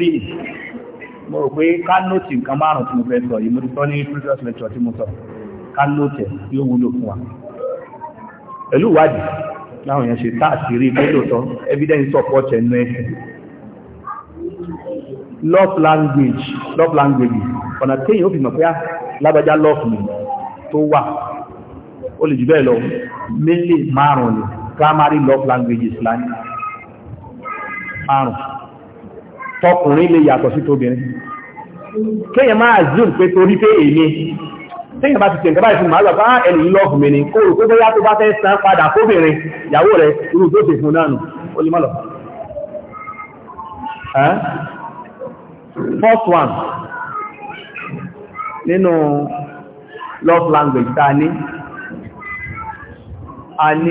please mo rò pé kánóòtì nǹkan márùn tí mo fẹ́ sọ yìí mo ti sọ ní previous lecture tí mo sọ kánóòtì yóò wúlò fún wa pẹ̀lú ìwádìí láwọn èèyàn ṣe táàkiri pé lóòótọ́ evidence support ẹnu tọkùnrin lè yàtọ̀ sí tóbìnrin kéèyàn máa zoom pé torí pé èmi téèyàn bá ti tẹ̀ nǹkan báyìí fún màá lọ bá ah, ẹni lọ́ọ̀fù mi ni kó rò pé bóyá tó bá fẹ́ san padà kóbìnrin ìyàwó rẹ̀ irú tó ṣe fún náà nù ó lè má lọ. first one nínú love language tá a ní a uh,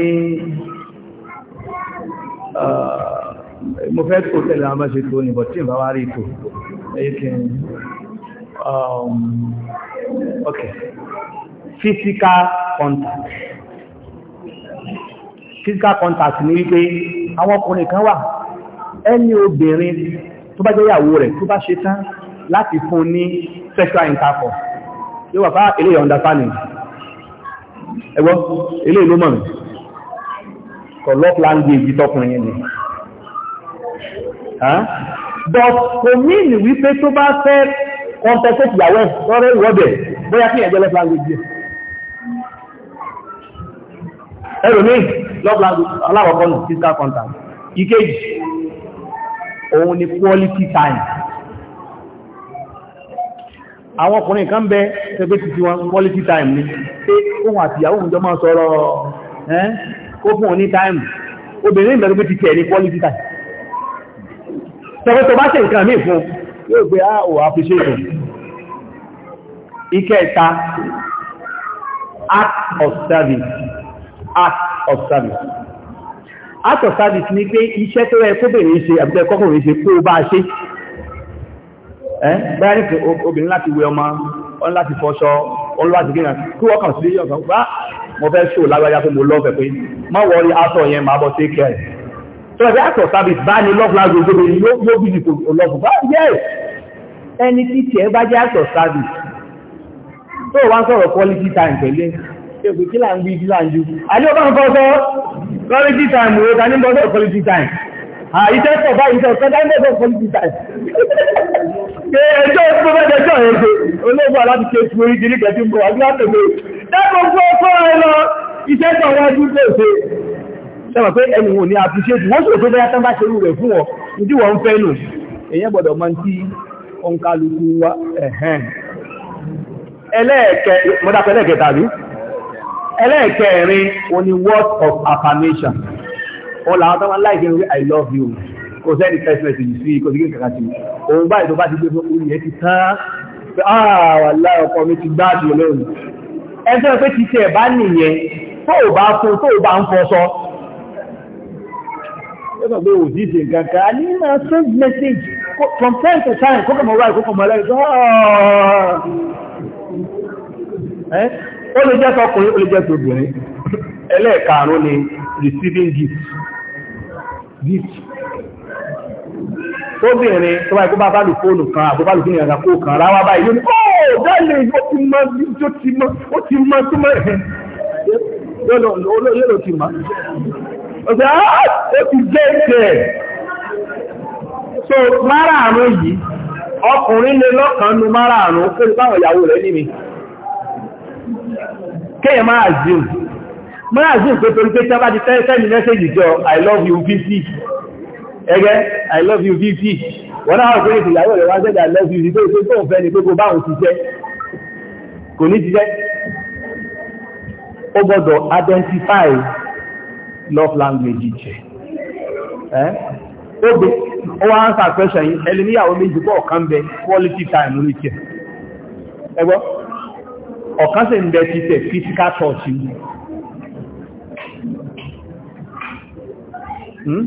ní mo fẹ́ tó tẹ́lẹ̀ àwọn mẹ́ṣe tó ní bọ̀tí ìbá wá rí tó ẹ̀yẹ́kìn um, ok physical contact physical contact ní wípé àwọn ọkùnrin kan wà ẹni obìnrin tó bá jẹ́ ìyàwó rẹ̀ tó bá ṣe tán láti fún ní sexual intercourse yóò wà fá ilé understanding ẹgbọ́n ilé ìlú mọ̀ mi kọ̀ love language tọkùnrin yẹn ni but kò míìnì wípé tó bá fẹ́ compensate ìyàwó ẹ̀ lọ́rẹ́ ìwọ́dẹ̀ bóyá kí ẹ̀jẹ̀ love language ẹlòmí love language aláwọ̀kọ́ nù physical contact ìkejì òun ni quality time àwọn ọkùnrin kan bẹ ẹgbẹ́ ti ti wọn quality time ni pé ohun àti ìyàwó òun jọ máa sọ̀rọ̀ ẹ́ kó fún òní time obìnrin ìgbẹ̀rẹ̀ ti tẹ̀ ní quality time tọ́wọ́ tó bá ṣe nǹkan mí fún yóò gbé àwọ̀ ah, àfiṣẹ́tò ìkẹta act of service act of service act of service ni pé iṣẹ́ tó rẹ kóbìnrin ṣe àbúkẹ́ kọ́kùnrin ṣe kó bá ṣe ẹ́ bẹ́ẹ̀ ní obìnrin láti wẹ ọmọ ọ́n láti fọṣọ ọ́n láti gíran kí wọ́n kàn sí ilé ọ̀sán pá mo fẹ́ ṣò lágbájá pé mo lọ́fẹ̀ẹ́ pé má wọrí aṣọ yẹn máa bọ́ sí kẹrẹ̀ So the act of service bá ní love language gbogbo ni yóò bí ìfò ọlọ́fún. Bá yes, ẹni tí tiẹ̀ bá jẹ́ act of service. So wá ń sọ̀rọ̀ quality time pẹ̀lú ẹgbẹ́ kí là ń gbé ìdílà ń ju. Àní ọba ń fọ́sọ́ quality time wo ta ní bọ́ sọ̀rọ̀ quality time. Àìsẹ́ sọ̀ bá ìṣẹ́ ọ̀sẹ̀ dá ní bọ́ quality time. Ṣé ẹjọ́ tó bẹ́ẹ̀ jẹ́jọ́ ẹ̀ ṣe olóògùn aláti ṣe tu orí kiri kẹ́tí ń bọ̀ àti láti ṣe. Dẹ́kun fún ọkọ rẹ lọ, iṣẹ́ sọ̀rọ̀ ẹjú tó ṣe sẹ́wọ̀n pé ẹni wọn ni appreciate wọ́n sì rò pé bẹ́yà tán bá ṣe rú rẹ̀ fún ọ ìdí wọ́n ń fẹ́ nù èyàn gbọ́dọ̀ mọ́ tí ọǹkálukú wá ẹ̀hẹ́n ẹlẹ́ẹ̀kẹrin wọn ni i love you kò sẹ́ni text message sí kò sí kí n kàkà sí òun báyìí ti gbé fún ah, nìyẹn tó bá fún tó bá ń fọ́ sọ yóò sọ pé ò sí ṣe nǹkan kan ní ma send message from time to time kókò mọ̀ wáyé kókò mọ̀ lẹ́yìn tó ah. ó lè jẹ́ tọkùnrin ó lè jẹ́ tobìnrin ẹlẹ́ẹ̀karùn ni receiving gift gift tóbìnrin tó bá ikú bá bá lù fóònù kan àbúbálù fún ìrìnàjò kó kan ráwá báyìí ọ̀sẹ̀ ah, ó ti jẹ́ ìtẹ̀ so márààrún yìí ọkùnrin lè lọ́kànnú márààrún fún báwọn ìyàwó rẹ̀ ní mi kéyẹ máa zoom máa zoom pé torí pé tábà ti tẹ́ẹ̀sẹ́ni mẹ́sẹ̀jì jọ i love you vc ẹgẹ́ i love you vc wọ́n náà wọ́n pé ìyàwó rẹ̀ wọ́n sẹ́dà i love you vc tó ń fẹ́ ni pé kó báwọn ti jẹ́ kò ní ti jẹ́ ó gbọ́dọ̀ identify love language jẹ́ ẹ́ ógbé ó wá ń sàfẹ́ṣẹ̀ yìí ẹni níyàwó méjì pọ̀ ọ̀kan bẹ quality time lórí tẹ̀ ẹgbọ́ ọ̀kan sì ń bẹ ti tẹ̀ physical touch hmm?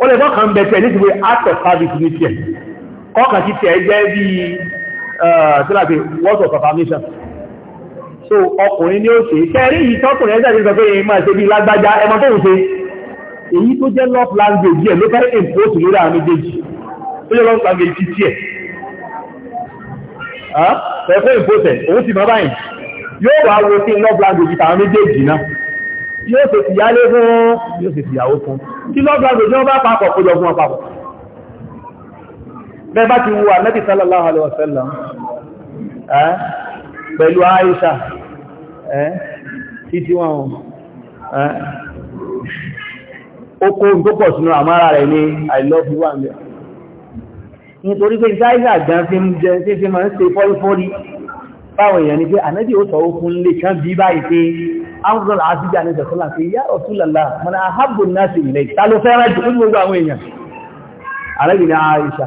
ó lè kọ́kàn ń bẹ tẹ̀ ní ti wé act of service ní tẹ̀ kọ́kàn ti tẹ̀ jẹ́ bí tíláàpẹ̀ words of affirmation so ọkùnrin ni ó ṣe kẹrí yìí tọ́kùnrin ẹ̀ṣẹ̀ ti sọ pé èyí máa ṣe bí lágbájá ẹmọ tó ń ṣe èyí tó jẹ́ love language yẹ ló fẹ́ impose lórí àwọn méjèèjì tó jẹ́ love language ti tiẹ̀ ẹ̀fẹ́ impose òun ti bàbá yìí yóò wá wo sí love language tàwọn méjèèjì náà yóò ṣe tìyálé fún yóò ṣe tìyàwó fún kí love language náà bá papọ̀ kójọ fún ọpapọ̀ bẹ́ẹ̀ bá ti wo Ànábì sallallahu alaihi wasallam pẹ̀lú Aisha ẹ́ títí wọn ẹ́ ó kó tó pọ̀ sínú àmára rẹ̀ ní i love you and nítorí pé ṣáìsà gan fi ń jẹ tí fi máa ń ṣe fọ́rífọ́rí báwọn èèyàn ni pé ànábì ó sọ okun lè kán bí báyìí pé áwùsọ́lá àṣíjì àníṣẹ̀ sọ́lá pé yá ọ̀túnlọ́lá mọ́nà àhábùn náà sí ilẹ̀ ìtàlófẹ́ràn jù fún gbogbo àwọn èèyàn ànábì ní àìṣà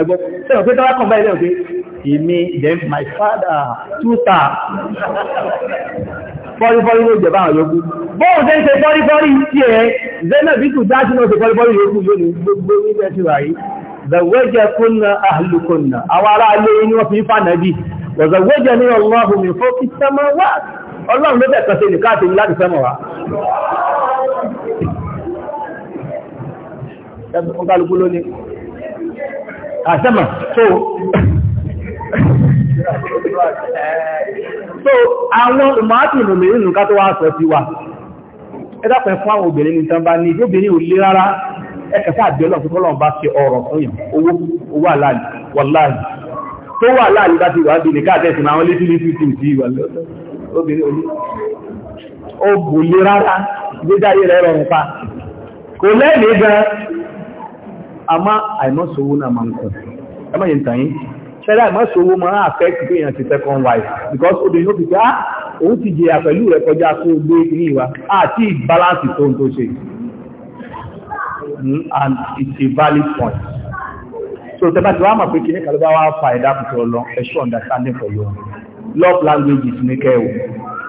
ẹgbọ́ sẹ́wọ̀n pé tọ́wọ́ kọ̀ọ̀bá ilẹ̀ òfin èmi then my father two star fọ́rífọ́rí ló jẹ̀bá àwọn yòókù bóòrùn tẹ́ ń ṣe fọ́rífọ́rí tí ẹ zenobitu dájú náà ṣe fọ́rífọ́rí yòókù yóò ní gbogbo nílẹ̀ ti wà yìí zawẹ́jẹ̀ kúnna ahlukunna àwọn ará alẹ́ inú wọ́n fi ń fànà bí wọ̀zọ̀wẹ́jẹ̀ ní ọlọ́run mi fọ́kí sẹ́mọ̀ wá ọlọ́run ló bẹ̀ kan ṣe nìkan àti láti sẹ́mọ̀ wá a so so àwọn ìmọ̀átì ìrìnlẹ̀ nǹkan tó wá sọ sí wa ẹ́dàpẹ̀ fún àwọn obìnrin ní tán ní ìjóbìnrin ò lé rárá ẹkẹfà àbẹ́lọ̀ fún bá ṣe ọ̀rọ̀ fún yàn owó owó tó wà láàlì bá ti wà bí ní máa lé sílé àmọ́ àìmọ́sowó náà máa ń kùn ẹmọ́ yìí tàn yín ṣẹlẹ̀ àìmọ́sowó máa ń affect pé èèyàn ti second wife because obìnrin ó fi pé ah òun ti jìyà pẹ̀lú rẹ̀ kọjá kó gbé ní ìwà àti balance tó ń tó ṣe hmm, and it's a valid point so tẹ́bá ti wá mọ̀ pé kìíní kàlọ́bá wá fa ẹ̀dá kùtù lọ ẹ̀ṣọ́ understanding for you. love languages ní kẹ́ẹ̀wò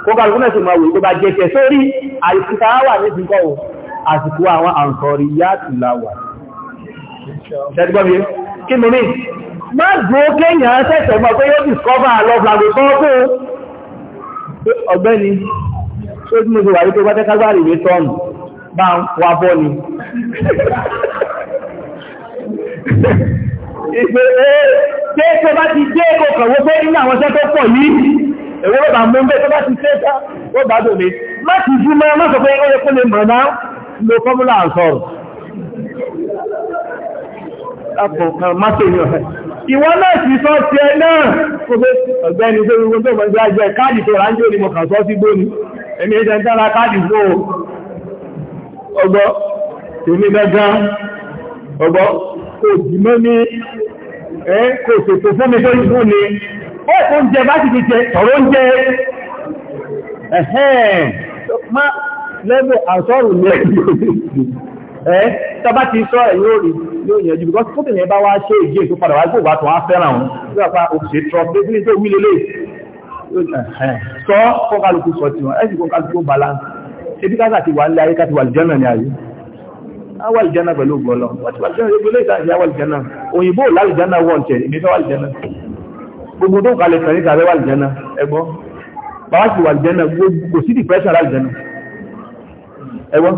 kó kàlùkù náà sì máa wò tó bá jẹ́ kẹ́ sórí àìsíkà wà ní ìsìnkọ́ àsìkò àwọn àǹkọ̀rí yá tìlàwà ṣẹ́dúgbọ́mí kí mú ní má gbó kéèyàn ṣẹ̀ṣẹ̀ gbọ́ pé yóò discover love language tó kó ọ̀gbẹ́ni tó tí mo ti wà ní pé pátẹ́ kágbàrí ìwé tọ́n bá ń wá bọ́ ni ìpè ṣe tó bá ti dé kòkàn wó pé nínú àwọn iṣẹ́ tó lo fọ́múlà àǹsọ̀rọ̀ àpọ̀kan mátòyàn ẹ̀. Ìwọ́n náà ti sọ ti ẹ náà, ọgbẹ́ni tó gbogbo tó mọ̀já jẹ́ káàdì tó ránjò ní mọ̀kà sọ sí gbóni, ẹni ẹjẹ́ ń tára káàdì fún ọgbọ́, tèmi gẹ́gán, ọgbọ́, kò jìmọ́ ní ẹ́ kò ṣètò fún mi tó ìfún ni, ó oúnjẹ bá ti fi jẹ tọ̀rọ oúnjẹ ẹ̀hẹ́n, má lẹ́bẹ̀ àtọ́rù lẹ́gbẹ̀ẹ́ ẹ́ tọba ti sọ ẹ̀ yóò rí yóò yẹn jù bí kọ́sí fóbìnrin bá wá ṣe ìgbé tó padà wá gbò bá tó wá fẹ́ràn òun nígbà pa òṣèré trọ pé kí ni tó wí lélẹ̀ sọ kọ́kálukú sọ tiwọn ẹ̀sì kọ́kálukú balance ebi káṣà ti wà nílé ayé káṣì wà lìjánà ní ayé awà lìjánà pẹ̀lú gbọ́lọ́ òyìnbó lálìjánà wọ́n tẹ̀ ìmẹ́fẹ́ wà lìjánà gbogbo tó kalẹ̀ tẹ̀lé tàbí wà lìjánà ẹgbọ́n bàbá ti wà lìjánà kò sí depression lálìjánà ẹgbọ́n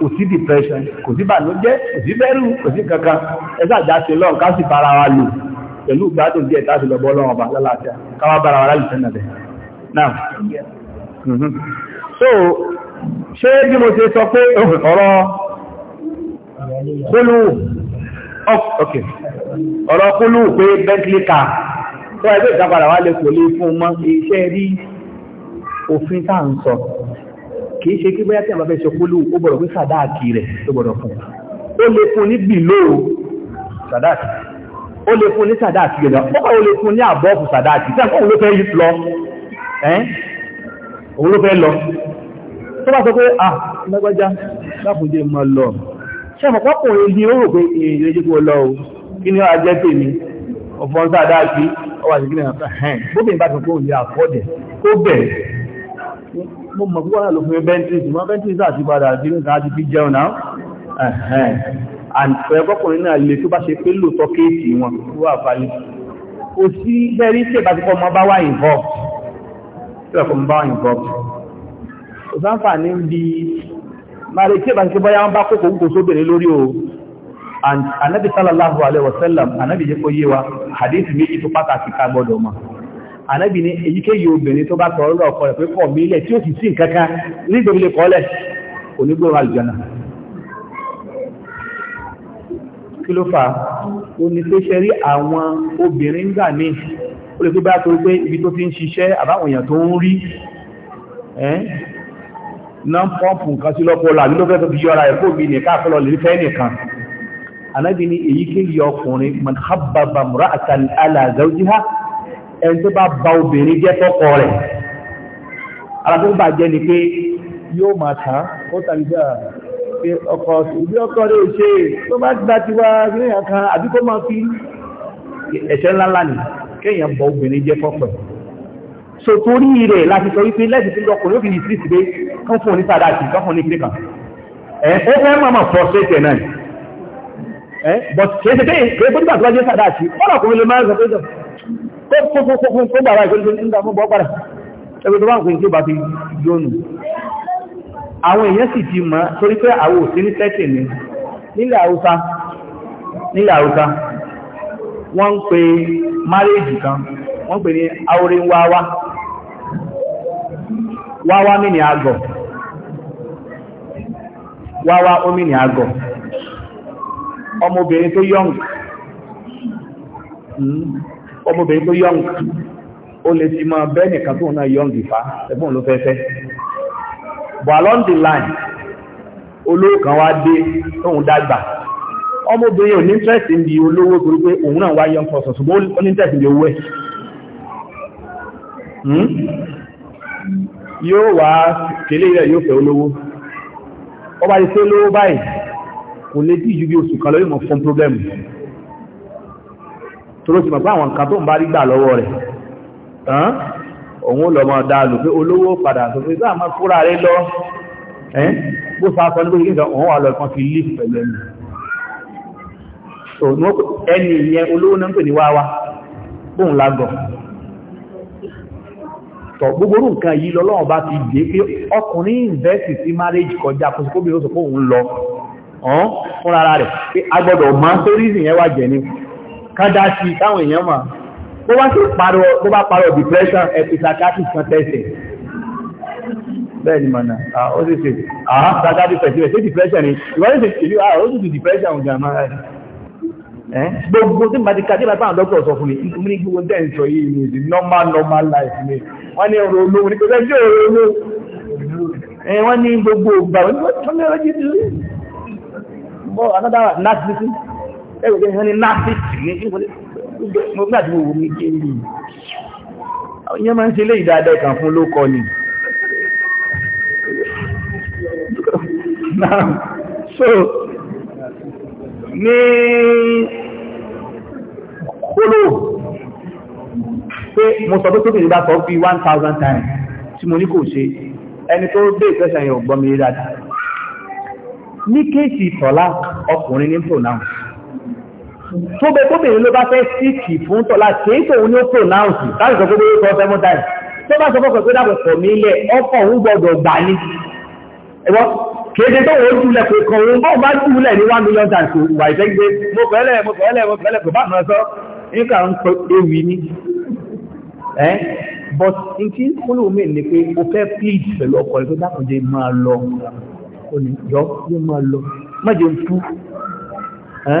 kò sí depression kò sí bànújẹ́ kò sí bẹ̀rù kò sí kankan ẹgbẹ́ àjáṣe lọ́n ká sì bára wa lò pẹ̀lú gbádùn díẹ̀ táṣì lọ bọ́lọ́wọ́ bá lálàáfíà káwá bára wa láìsẹ́ nàbẹ̀ náà mhm. so ṣé bí mo ṣe sọ pé ọ̀rọ̀ kúlù oh, ọ̀rọ̀ kúlù pé bentley car tó ẹgbẹ́ ìjábára wa lè kò lè fún ọmọ iṣẹ́ rí òfin táà ń sọ kìí ṣe kí bóyá tí a bá fẹ́ ṣe kúlù ó gbọ́dọ̀ pé sàdáàkì rẹ̀ tó gbọ́dọ̀ fún ó lè fún ní bìlò sàdáàkì ó lè fún ní sàdáàkì gẹ̀dọ̀ pọ́pọ̀ ó lè fún ní àbọ́ọ̀fù sàdáàkì tí àwọn olófẹ́ yìí lọ òun ló fẹ́ lọ tó bá sọ pé à ah, lágbájá láfúnjẹ mọ́ lọ ṣẹ́mọ̀pọ̀kùnrin ní ó rò pé èèyàn jẹ́ kí wọ́n lọ o kí ni ó ajẹ́ tèmi ọ̀fọ́n sàdáàkì ọwà sí kí ni àfẹ́ mo mọ̀ púpọ̀ náà ló fún bẹ́ntì sí mọ́ bẹ́ntì sí àti padà sí ní káàkiri fi jẹun náà ẹ̀hẹ́n àìfẹ́kọ́kùnrin náà lè tó bá ṣe pé lò tọ́kéèkì wọn wà fàyè kò sí bẹ́rí tí ìbá ti pọ́ mọ́ bá wà involved tí ọkọ̀ mọ́ bá wà involved kò sáǹfà ní bí máa lè tí ìbá ti pọ́ bọ́yá wọn bá kókò kókò sóbìnrin lórí o and anabi sallallahu alaihi wasallam anabi jẹ́ kó yé wa hadith méjì tó pàtàkì ká gbọ́dọ̀ mọ̀ ànábì ní èyíkéyìí obìnrin tó bá tọrọ ọkọ rẹ̀ pé kọ̀ mí ilẹ̀ tí ó sì sí nǹkankan nígbèmílẹ̀ kọ́lẹ̀ kò ní gbóòrò àlùjọ́nà kí ló fà ó ní pé ṣe rí àwọn obìnrin gbà ní ó lè pé bá torí pé ibi tó ti ń ṣiṣẹ́ àbáwọn èèyàn tó ń rí náà pọ́ǹpù nǹkan sí lọ́pọ̀ èyíkéyìí ọkùnrin man habbaba mura'atan ala zawjiha ẹni tó bá ba obìnrin jẹ́ tọ́kọ rẹ̀ ara tó bàjẹ́ ni pé yóò máa tàn ó tàbí jẹ́ pé ọkọ̀ ìbí ọkọ̀ rẹ̀ ṣe tó bá gba ti wá gíríyàn kan àbí kó máa fi ẹ̀ṣẹ̀ ńláńlá ni kéèyàn ba obìnrin jẹ́ tọ́kọ so torí rẹ̀ láti sọ wípé lẹ́sìn tí lọkùnrin ó fi ní sí ìsìgbé kán fún frustrate náà ẹ̀ but kìí ṣe pé kìí bó nígbà tó bá jẹ́ sàdá àti ọlọ́kùnrin lè máa kó bàbá ìṣòro ní ìgbà fún bọ́pàá ẹgbẹ́ tó bá ń pè tí bá fi jónù àwọn èèyàn sì ti torí pé àwọ̀ sí ní ní nílẹ̀ wọ́n ń pè márèjì kan wọ́n pè ní wáwá wáwá àgọ̀ ọmọbìnrin tó yọ́ǹg ó lè ti máa bẹ́ nìkan tó náà yọ́ǹg ìfà ẹ̀fún ló fẹ́fẹ́ but along the line olówó kan wá dé tóun dàgbà ọmọbìnrin ò ní interest ń di olówó torí pé òun náà wá yọ́ǹg fọ́sọ̀ interest ń di owó ẹ̀ hmm? yóò wá kélé rẹ̀ yóò fẹ́ olówó ọba ti fẹ́ lówó báyìí kò lè dí ju bí oṣù kan lọ́yìn mọ̀ fún problem tóró ti mọ̀ pé àwọn nǹkan tó ń bá rí gbà lọ́wọ́ rẹ̀ tán òun lọ mọ̀ dáàlù pé olówó padà tó fi sáà máa kúrà rẹ̀ lọ ẹ́n bó sá sọ nígbé ìgbésọ̀ òun wà lọ kan fi líf pẹ̀lú ẹni so ẹni ìyẹn olówó náà ń pè ní wáwá bóun lágọ̀ tọ̀ gbogbo nǹkan yìí lọ́lọ́run bá ti dé pé ọkùnrin invest sí marriage kọjá kó sì sọ pé òun lọ ọ̀hún fúnra rẹ̀ pé agbọ́dọ̀ máa tó rí ìsìn wà jẹ́ ni kádá sí táwọn èèyàn mà bó wá sí parọ́ tó bá parọ́ depression episacatis kan tẹ́sẹ̀ bẹ́ẹ̀ni mọ̀nà ó sì ṣe àá sàkátì pẹ̀sílẹ̀ sí depression ni ìwọ́n sì ṣe ó sì ṣe depression ọ̀gá máa rẹ̀ gbogbo tí màá ti ká tí màá bá sọ fún ní gbogbo dẹ́n sọ yìí ni the normal normal life ni wọ́n ní ọ̀rọ̀ olówó ní pẹ̀lú ẹjọ́ ọ̀rọ̀ olówó wọ́n ní gbogbo ìgbà wọ́n ní wọ́n ní ọjọ́ ẹ̀rọ pé ẹni násìtì ní nígbà tí mo wò mí kí ní ìyẹn máa ń ṣe lé ìdáadẹ́ ìkàn fún ló kọ ni so ní kóló pé times tí mo ní kò ṣe ẹni tó dé ìfẹ́sẹ̀ yẹn ò gbọ́ mi dáadáa ní kéèsì tọ́lá ọkùnrin ní pronoun tó bẹ tó bèèrè ló bá fẹ́ síkì fún tọ́lá kìí tòun ní ó pronounce láti sọ pé ó sọ seven times tó bá sọ fọ́kàn pé dàpọ̀ pọ̀ mí lẹ̀ ọkọ̀ òun gbọdọ̀ gbà ní ẹ̀wọ́ kéde tó wọ́n jùlẹ̀ pé kan òun bá bá jùlẹ̀ ní one million times wà ìfẹ́ gbé mo fẹ́lẹ̀ mo fẹ́lẹ̀ mo fẹ́lẹ̀ pé báwọn sọ nígbà ń pẹ ewì ní ẹ́ but n kí kúlù mi ni pé o fẹ́ plead pẹ̀lú ọkọ̀ rẹ̀ tó dàpọ̀ jẹ́ máa lọ kò ní yọ yóò máa lọ má jẹun tú ẹ́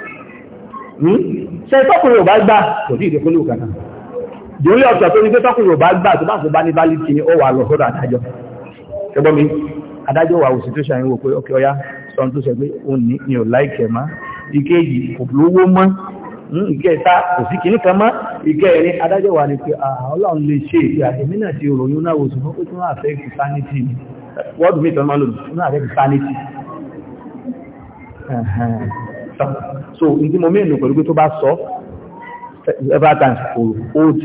Hmm? ṣe tọ́kùnrin ò bá kò jùlọ ọ̀tọ̀ tó ní pé tọ́kùnrin ò bá tó bá bá ní bá lítí ó wà lọ sọ́dọ̀ adájọ́ ṣẹgbọ́n mi adájọ́ wà òsì tó ṣàyẹ̀wò pé ọkẹ́ ọya sọ tó ó ní ní ò láìkẹ̀ má kò lówó mọ́ hmm, ìkẹta kò sí kìíní ah, ti náà so ìdí mo mẹ́nu pẹ̀lú pé tó bá sọ several times kò hold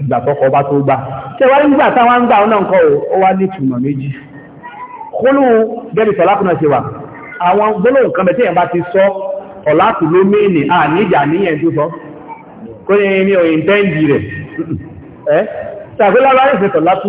ìgbà tọ́kọ bá tó gbà tí wá nígbà táwọn ń gbà ọ̀nà nǹkan ó wá ní ìtumọ̀ méjì kólú gẹ́bí tọ́lákùnà ṣe wà àwọn gbólóhùn nǹkan bẹ̀ tí èèyàn bá ti sọ ọ̀láàkù ló mẹ́ni à níjà níyẹn tó sọ kó ní ní òyìn tẹ́ǹdì rẹ̀ ẹ́ tàbí lábá ìfẹ́ tọ̀lákù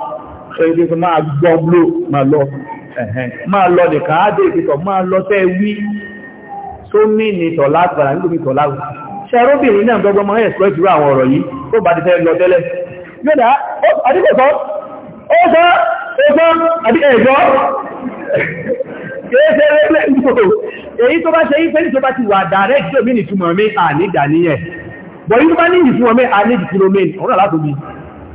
ṣẹ́yìn tó máa gbọ́ bló máa lọ máa lọ nìkan á dé ìpìtọ̀ máa lọ tẹ́ wí tó mí ní tọ̀lá gbàrà nílùú tọ̀lá ṣẹ́rọ́bìnrin náà gbọ́gbọ́ máa ẹ̀sọ́ ìjúrú àwọn ọ̀rọ̀ yìí tó bá ti fẹ́ lọ tẹ́lẹ̀ yóò àdíkẹ̀ẹ́sọ́ ó sọ́ ẹgbọ́ àdíkẹ̀ẹ́sọ́ kéèṣẹ́ rẹ̀ èyí tó bá ṣe yí fẹ́lì tó bá ti wà direct tí omi nìtumọ̀ mi à ní ìdàníyẹ̀ bọ̀ yí tó bá ní ìtumọ̀ mi à ní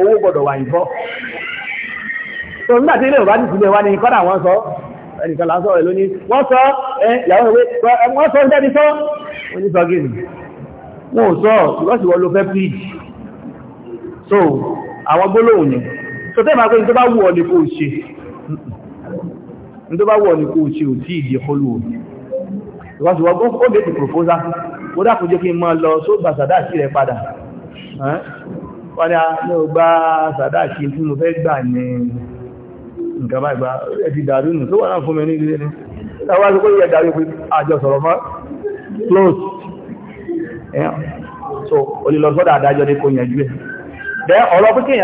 owó gbọ́dọ̀ wà ìfọ́ tó nígbà tí ilé ìwà ti sílẹ̀ wá ní kọ́dà wọ́n sọ ẹnìkan là ń sọ rẹ̀ lónìí wọ́n sọ ìyàwó ìwé wọ́n sọ ìjẹ́bi sọ oníṣọ́gìnì wọn ò sọ ìrọ́sì wọ́n ló fẹ́ plead so àwọn gbólóhùn ni so tẹ́ ìmọ̀ pé ní tó bá wù ọ ní kò ṣe ní tó bá wù ọ ní kò ṣe ò tí ìdí ọlù ò ìwọ́sì ó dákùn jẹ́ kí n máa lọ só gbàsàdá sí rẹ̀ padà wọ́n ni a ní o ah, gbá sàdáàkì mo fẹ́ gbà ní nǹkan ìgbà ẹ̀tì dàrúnù tó wà náà fún mi ní ilé ní ẹwà tó kó yẹ dàrú pé àjọ sọ̀rọ̀ mọ́ close so olùlọ́sọ́dà adájọ́ ní kò yẹnjú ẹ̀ bẹ́ ọ̀rọ̀ pé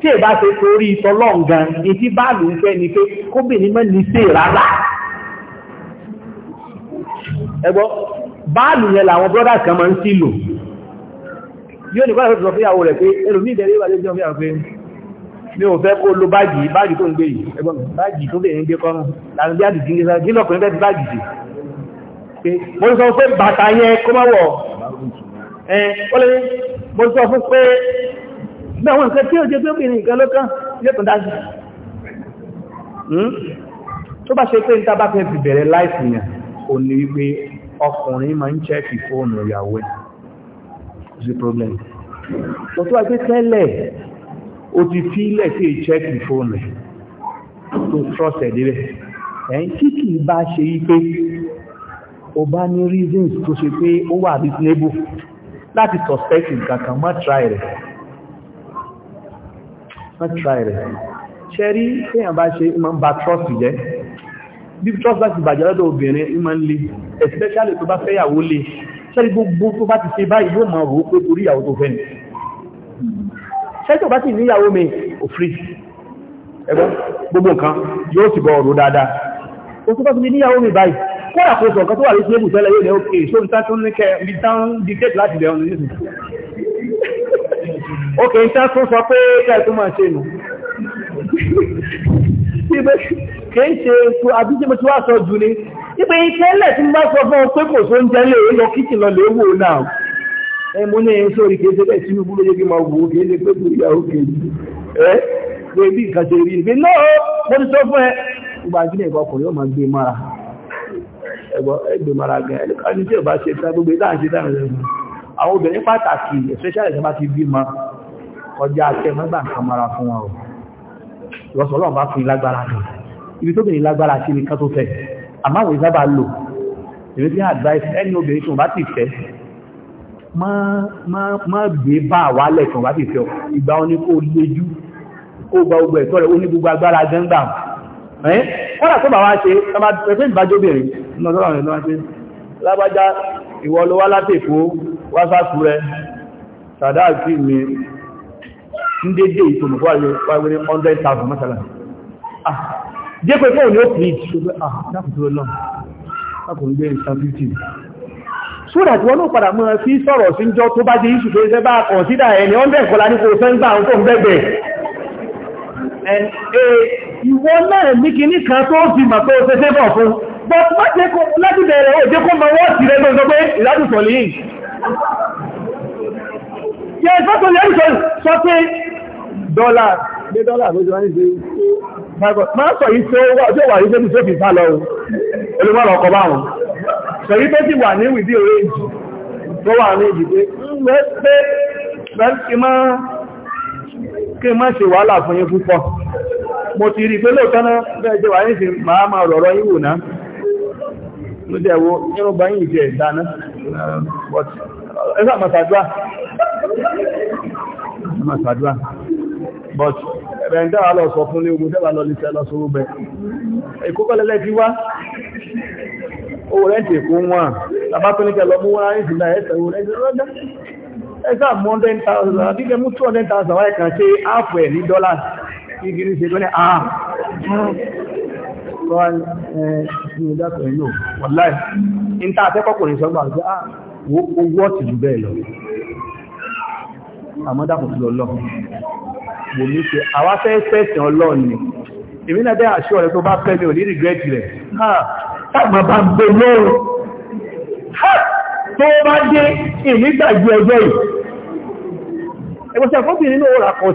tí èbá ṣe torí tọlọ́ǹgan ìtí báàlù ń fẹ́ ni pé kóbìnrin mọ́ ní sí rárá ẹgbọ́ báàlù yẹn làwọn brọ́dà kan máa ń sí lò yóò ní báyìí tó sọ fíyàwó rẹ̀ pé ẹlòmí ìdẹ̀rẹ́ ìwà lè jọ fíyàwó pé mi ò fẹ́ kó lo báàgì báàgì tó ń gbé yìí ẹgbọ́n báàgì tó bèèrè ń gbé kọ́rùn láti bí àdìsí ní sáà nílò ọkùnrin bẹ́ẹ̀ báàgì sí pé mo sọ pé bàtà yẹn kó má wọ̀ ẹ ó lè mo sọ fún pé gbogbo àwọn nǹkan tí ó jẹ́ gbóbìnrin nǹkan lọ́kàn yóò tún dájú hmm? tó bá ṣe pé ní tàbá fẹ́ fi bẹ̀rẹ̀ láìsì yàn ò ní wípé ọkùnrin máa ń chẹ́kì fóònù ìyàwó ẹ̀ problem tó tó wáyé tẹ́lẹ̀ ó ti fi ilẹ̀ sí chẹ́kì trust ẹ̀ débẹ̀ ẹ̀yìn tí kì í bá ṣe wípé ó bá ní reasons tó ṣe pé ó wà reasonable láti suspect nǹkan kan má try rẹ̀ wọ́n try rẹ̀ ṣẹ́rí téèyàn bá ṣe ìmọ̀ ń ba trust jẹ́ bí trust bá ti bàjẹ́ lọ́dọ̀ obìnrin ìmọ̀ ń le especially tó bá fẹ́yàwó le ṣẹ́rí gbogbo tó bá ti ṣe báyìí yóò máa rò ó pé torí ìyàwó tó fẹ́ ni ṣẹ́rí tó bá ti níyàwó mi ò free ẹgbọ́n gbogbo nǹkan yóò sì bọ̀ ọ̀rọ̀ dáadáa o tó bá ti níyàwó mi báyìí kó àkóso nǹkan tó wà lóṣèlú tẹ́lẹ̀ yóò ní ó kéré sóbi tá òkè ń tán tún sọ pé kẹ́ẹ̀tún máa ṣe nù kìí ṣe ètò àbíjẹ́ mọ́tí wá sọ jù ní ipé ìtẹ́lẹ̀ tí bá sọ fún pé kò só ń jẹ́lẹ̀ e lọ kíkì lọ léwò náà ẹmú ní ẹ̀yìn sórí kìí ṣe bẹ́ẹ̀ sínú búrú yé kí máa wò ó kìí lè pé kò yà ó kèjì ẹ́ pé bí nǹkan ṣe rí ibi náà mo ti sọ fún ẹ ìgbà tí nìkan ọkọ̀ yóò máa gbé mara ẹgbẹ́ mara gan ẹni tí ò bá ṣe tá gbogbo ìdáhùn àwọn obìnrin pàtàkì especially ìjọba ti bí ma ọjà àtẹ́mọ́gbà nǹkan mara fún wọn ìwọ̀sọ̀lọ́ bá fún ìlágbára kan ibi tó bìnrin lágbára sí ibi kan tó fẹ́ àmáwò ìsábà lò èmi fi advice ẹni obìnrin tó bá ti fẹ́ má gbé bá àwálẹ̀ tó bá ti fẹ́ ìgbà wọn ni kó léjú kó gba gbogbo ẹ̀tọ́ rẹ̀ ó ní gbogbo agbára gẹ́ngbà ẹ́ kọ́dà tó bà wá ṣe ẹgbẹ́ ìbájóbìnrin náà tọ́lá wásáàkù rẹ̀ sàdáàkì mi ń dédé ìtòmùkú wáyé ní 100,000 mọ́sàlá jẹ́ pé fóòn ó pìí ṣogbé àdákùnrin ah, lọ́nà lákùnrin gbé ìsànfíìtì so that wọn náà padà mọ́ sí sọ̀rọ̀ sí jọ tó bá jẹ́ ìṣù tó bá consider ẹni 100 kọlá ní kò fẹ́ ń gbà ń tó ń bẹ̀bẹ̀ eh, ìwọ náà ní kan tó mà tó ṣe but má jẹ́ kó láti bẹ̀rẹ̀ ó jẹ́ kó ma wọ́n sí rẹ̀ lọ́sọ pé ìlàdùsọ̀ lè yìí yẹ ìfẹ́sọ̀ lè ríṣọ́ sọ pé dọ́là lé dọ́là lójú wá ní ṣe má sọ yìí tó wà yìí tó fi sá lọ olùmọ́lọ̀ ọkọ̀ bá wọn sọ yìí tó ti wà ní wìdí òwe tó wà ní ìdìbé pé kí má ṣe wàhálà fún yín púpọ̀ mo ti rí pé lóòtọ́ náà bẹ́ẹ̀ jẹ́ wà ní ṣe máa máa rọ̀rọ̀ yíwò náà ló dẹ̀ wo irúgbà yìí jẹ́ ìdáná ẹ̀sà àmàsàdúrà àmàsàdúrà but ẹ̀rẹ̀ ń dára lọ sọ fún ní ogun tẹ́bà lọ lè tẹ́ lọ sórú bẹ ìkókọ́lẹ́lẹ́ fi wá owó rẹ̀ tẹ̀ kún wọn tàbátóníkẹ́ lọ mú wọ́n ráyìn sílẹ̀ ẹ̀sẹ̀ owó rẹ̀ tẹ̀ lọ́jọ́ mọ́ 100,000 àbíkẹ́ mú 200,000 wáyé kan ṣe áàpù ẹ̀ ní dọ́là wọ́n ní ìdájọ́ ẹ̀ yóò wọ̀láì ní tá a fẹ́ kọ́kùnrin sọ́gbà ah, ọ̀gá owó ọ̀tì jù bẹ́ẹ̀ lọ àmọ́dàkùn sí ọlọ́run mo ní ṣe àwa fẹ́ fẹ́sìn ọlọ́run ni èmi náà bẹ́ àṣọ rẹ tó bá fẹ́ mi ò ní rìgírẹ́tì rẹ̀ táàmà bá gbé lóòrùn tó bá dé ìnígbàgbé ọjọ́ yìí ẹgbẹ́sẹ̀ fóbìnrin náà ó rà kọ́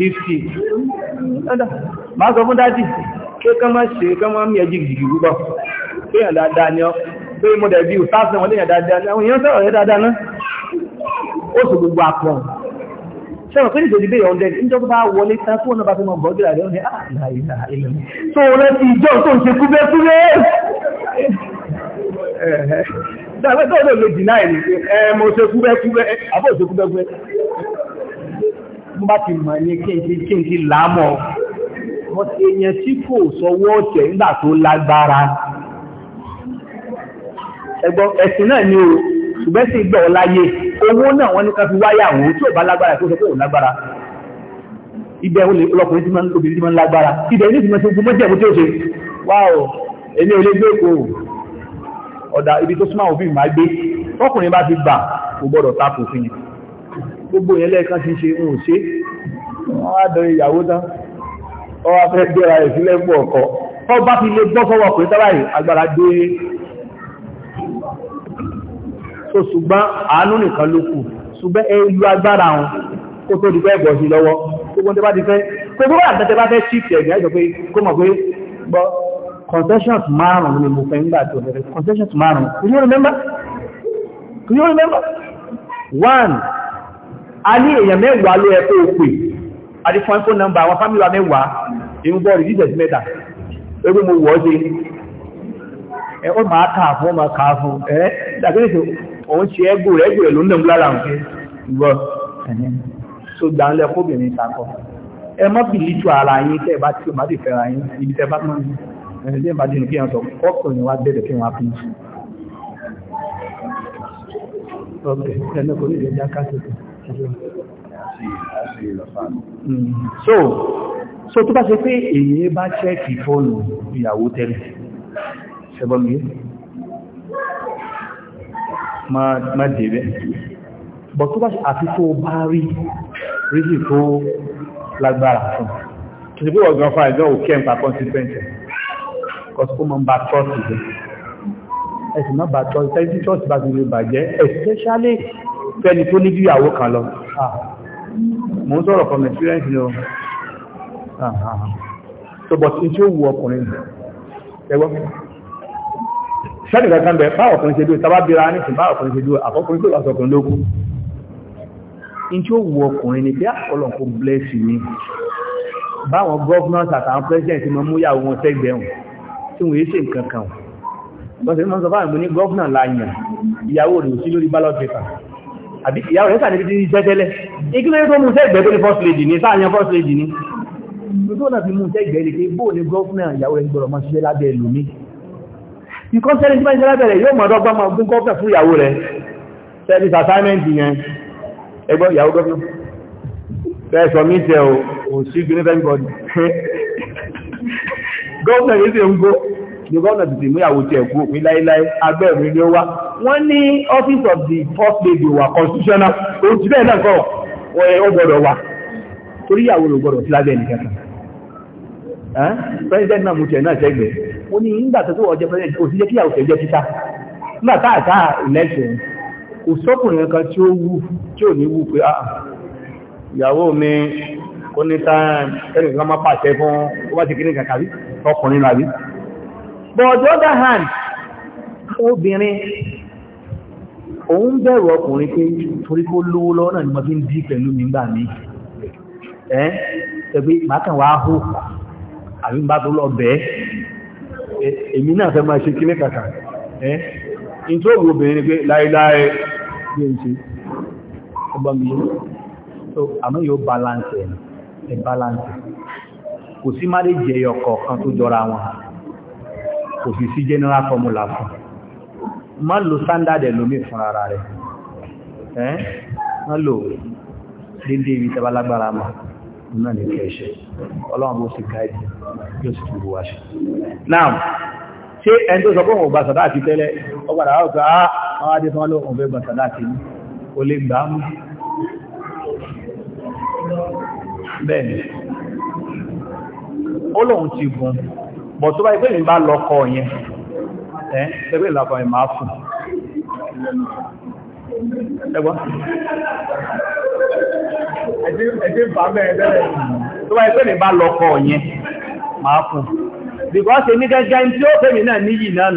50 ọ́dá máa sọ fún dájì kí kán máa ṣe kán máa mí ẹjì jìgì rúgbọ́ pé yàn dáadáa ni ọ́ pé mo dẹ̀bí ìfásẹ̀ wọn léyàn dáadáa ni àwọn èèyàn sọ̀rọ̀ rẹ̀ dáadáa náà ó sì gbogbo àpọ̀ sẹ́wọ̀n pé nìjọ́jú bẹ́ẹ̀ ọ̀ndẹ́ níjọ́ bá wọlé tán fún ọ̀nà bá fi mọ̀ bọ́jú rẹ̀ ní àlà ìlà ilẹ̀ tó rẹ̀ ti ìjọ tó mo bá ti mọ̀ ní kí n ti lámọ̀ mo ti èèyàn tí kò sọwọ́ ọ̀tẹ̀ nígbà tó lágbára ẹgbọ́n ẹ̀sìn náà ni o ṣùgbẹ́ sí ìgbẹ̀ ọláyé owó náà wọ́n ní ká fi wáyà àwọn tí ò bá lágbára tó sọ pé ò lágbára ibẹ̀ olọ́kùnrin tí obìnrin tí ma ń lágbára ibẹ̀ ní ìsinmi ogun mọ́jẹ̀ mú tí ó ṣe wáò èmi ò lè gbé èkó ọ̀dà ibi tó súnmọ́ òfin máa gbé ọkùnrin bá ti gbà kò gbọ́dọ̀ ta kò fi gbogbo yẹn lẹ́ẹ̀kan ti ṣe ń ṣe wọ́n ìyàwó tán wọ́n fẹ́ gbéra rẹ̀ sílẹ̀ fún ọkọ tó bá fi lè gbọ́ sọ́wọ́ pé sábà agbára dé so ṣùgbọ́n àánú nìkan ló kù ṣùgbọ́n ẹlú agbára wọn kó tó di fẹ́ bọ̀ sí lọ́wọ́ gbogbo tẹ bá ti fẹ́ kó gbogbo concessions márùn ni mo fẹ́ concessions márùn do you remember do you remember one a ní èèyàn mẹ́wàá ló ẹ̀kọ́ òpè àti fún ẹ̀kọ́ nọmbà àwọn fámílà mẹ́wàá ìrúgbọ́ rí jíjẹ̀ sí mẹ́ta ẹgbẹ́ mo wọ́ sí ẹ̀kọ́ máa káà fún ọmọ káà fún ẹ́ dàkínìsì òun ṣe ẹgbù rẹ̀ ẹgbù rẹ̀ ló ń dẹ̀mú lára nǹkan ìwọ so gbàǹlẹ̀ kóbìnrin takọ ẹ mọ́ bìlítù ara yín tẹ́ o má ti fẹ́ra yín ibi tẹ́ bá mọ́ ẹni tẹ́ bá dínú kí ẹ̀ sọ kọ́kùnrin wá bẹ̀rẹ̀ kí wọ́n á so so tó bá ṣe pé èyí bá ṣẹ́ẹ̀kì fóònù ìyàwó tẹ́lẹ̀ ṣẹbọ́mí má dẹ̀rẹ́ bọ̀ tó bá ṣe àti tó bá rí rí sí tó lágbára fún tó ti pé ọ̀gbọ̀n fún àìjọ́ òkè ń pa consequence kọ́sùkú mọ́ bá trọ́ọ̀tì ẹ̀sìn náà bá trọ́ọ̀tì tẹ́lẹ̀ tí trọ́ọ̀tì bá ti fẹ́ni tó ní bíyàwó kan lọ ah. mo ń sọ̀rọ̀ from experience ni o ah, ah, so but n tí ó wu ọkùnrin ẹgbọ́ sẹ́nìkan kan bẹ̀ báwọn ọkùnrin ṣe dúró tábà bíra nísìn báwọn ọkùnrin ṣe dúró àkọ́kùnrin tó wà sọkùnrin lókù in tí ó wu ọkùnrin ni pé àkọlọ̀kọ́ bless mi báwọn governors àtàwọn president mọ́ mú yàwó wọn sẹ́gbẹ̀ẹ́hùn tí wọ́n yé ṣe nǹkan kan wọ́n sì mọ́ sọ fáwọn ìgbóní governor láyàn ìyàwó rẹ̀ sí lórí ballot paper àbí ìyàwó rẹ̀ sàníbi tí jẹ́ tẹ́lẹ̀ ìgbìlẹ̀ tó mú sẹ́gbẹ̀ẹ́ tó ní first lady ní sáàyàn first lady ní tó náà fi mú sẹ́gbẹ̀ẹ́ ní pé bó ní gọ́ọ̀fúnà ìyàwó rẹ̀ gbọ́rọ̀ máa ṣiṣẹ́ lábẹ́ ẹlòmí nǹkan sẹ́ni tí máa ṣiṣẹ́ lábẹ́ rẹ̀ yóò mọ̀ dọ́gbọ́n máa gún gọ́ọ̀fúnà fún ìyàwó rẹ̀ service assignment yẹn ẹgbọ́ ìyàwó gọ́ọ̀fúnà bẹ́ẹ̀ sọ mí tẹ o ò sí gbin everybody gọ́ọ̀fúnà yìí sì ń wọ́n ní office of the first lady wà constitutional ojú bẹ́ẹ̀ náà kọ́ ó gbọ́dọ̀ wà torí ìyàwó rẹ̀ gbọ́dọ̀ lábẹ́ ẹnìkan president náà mú tiẹ̀ náà sẹ́gbẹ̀ ó ní nígbà tó wọ́n jẹ́ president kò sí jẹ́ kí ìyàwó tẹ̀ jẹ́ títà nígbà election kò sọ́kùnrin kan tí ó wù tí ò ní wù pé ah ìyàwó mi kó ní time ẹnìkan kan má pàṣẹ fún ó bá ti kí ní kàkàrí ọkùnrin làbí but on the other hand obìnrin òun bẹ̀rù ọkùnrin pé torí kó lówó lọ́wọ́ náà ni mo fi ń dí pẹ̀lú mi gbà mí ẹ́ ẹgbẹ́ màákàn wá hù àbí bá tó lọ bẹ́ẹ̀ èmi náà fẹ́ máa ṣe kílé kàkà ẹ́ in tó wù obìnrin pé láíláí bí n ṣe ọgbọ́n mi so àmọ́ yóò balance ẹ̀ balance kò sí má lè jẹyọ kọ̀ọ̀kan tó jọra wọn kò sì sí general formula fún má lò standard ẹlòmí fún ara rẹ̀ ẹ́ má lò dédé ibi tẹ́bá lágbára mọ̀ náà ní kẹ́ ṣe ọlọ́run bó sì káìdì yóò sì túbú wáṣẹ́ now ṣé ẹni tó sọ pé òun gba sàdá àti tẹ́lẹ̀ ó padà wá ọ̀gá ah, àwọn adé fún ẹ́ ẹgbẹ́ ìlàbọ̀ ìmá sùn ẹgbọ́n ẹ̀dí bá bẹ́ẹ̀ tó bá ẹgbẹ́ ìbá lọ́kọ̀ yẹn máa fún bíkọ́sí ní gẹ́gẹ́ tí ó fẹ́mi náà níyì náà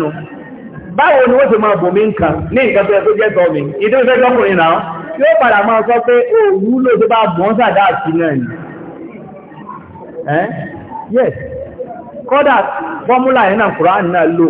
báwo ni wọ́n ti máa bò mí nǹkan ní nǹkan tó jẹ́ tọ́ mi ìdí ìfẹ́ jọ́kùnrin náà yóò padà máa sọ pé òwú ló tó bá bọ́n sàdá àti náà ni ẹ́ eh? yes kọ́dà fọ́múlà yẹn Kùránì náà lò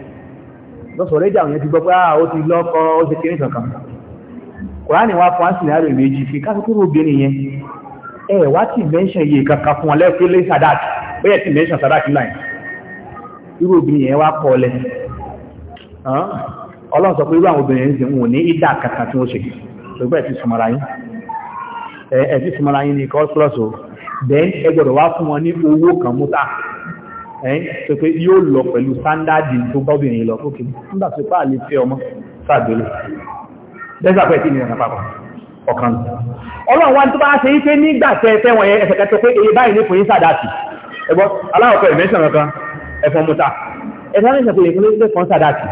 lọ́sọ̀rọ̀ èdè àwọn yẹn ti gbọ́ pé ah, ó ti lọ́kọ ó ti kéré kankan kòránì wá fún àṣìlẹ̀ àrò ìmẹ́jì fi káàkiri obìnrin yẹn ẹ wá ti mẹ́ṣàn yìí kankan fún ọlẹ́fẹ́ lé sàdáàkì bóyẹ̀ ti mẹ́ṣàn sàdáàkì láì irú obìnrin yẹn wá kọ́ ọlẹ́ ọlọ́run sọ pé irú àwọn obìnrin yẹn wò ní ìdá kankan tí wọ́n ṣe ṣùgbọ́n ẹ̀ ti sùmọ́ra yín ẹ̀ ti sùmọ́ra yín ní kọ́ ẹ́yìn tó pé yóò lọ pẹ̀lú sándàdì tó bọ́bìnrin lọ ókè nígbà tó pàà lè fẹ́ ọmọ sàgbélé dẹ́sàpẹ́ tí nìyàn papọ̀ ọ̀kan ọlọ́run wá tó bá ṣe wípé nígbà tẹ́ẹ̀fẹ́ wọn yẹn ẹsẹ̀kẹ́ tó pé èyí báyìí ní fòyín sàdáàtì ẹgbọ́ aláwọ̀kọ́ ìmẹ́sàn kan ẹ̀fọn mọ́ta ẹ̀fọn mẹ́sàn kò yẹ fún lẹ́fọn sàdáàtì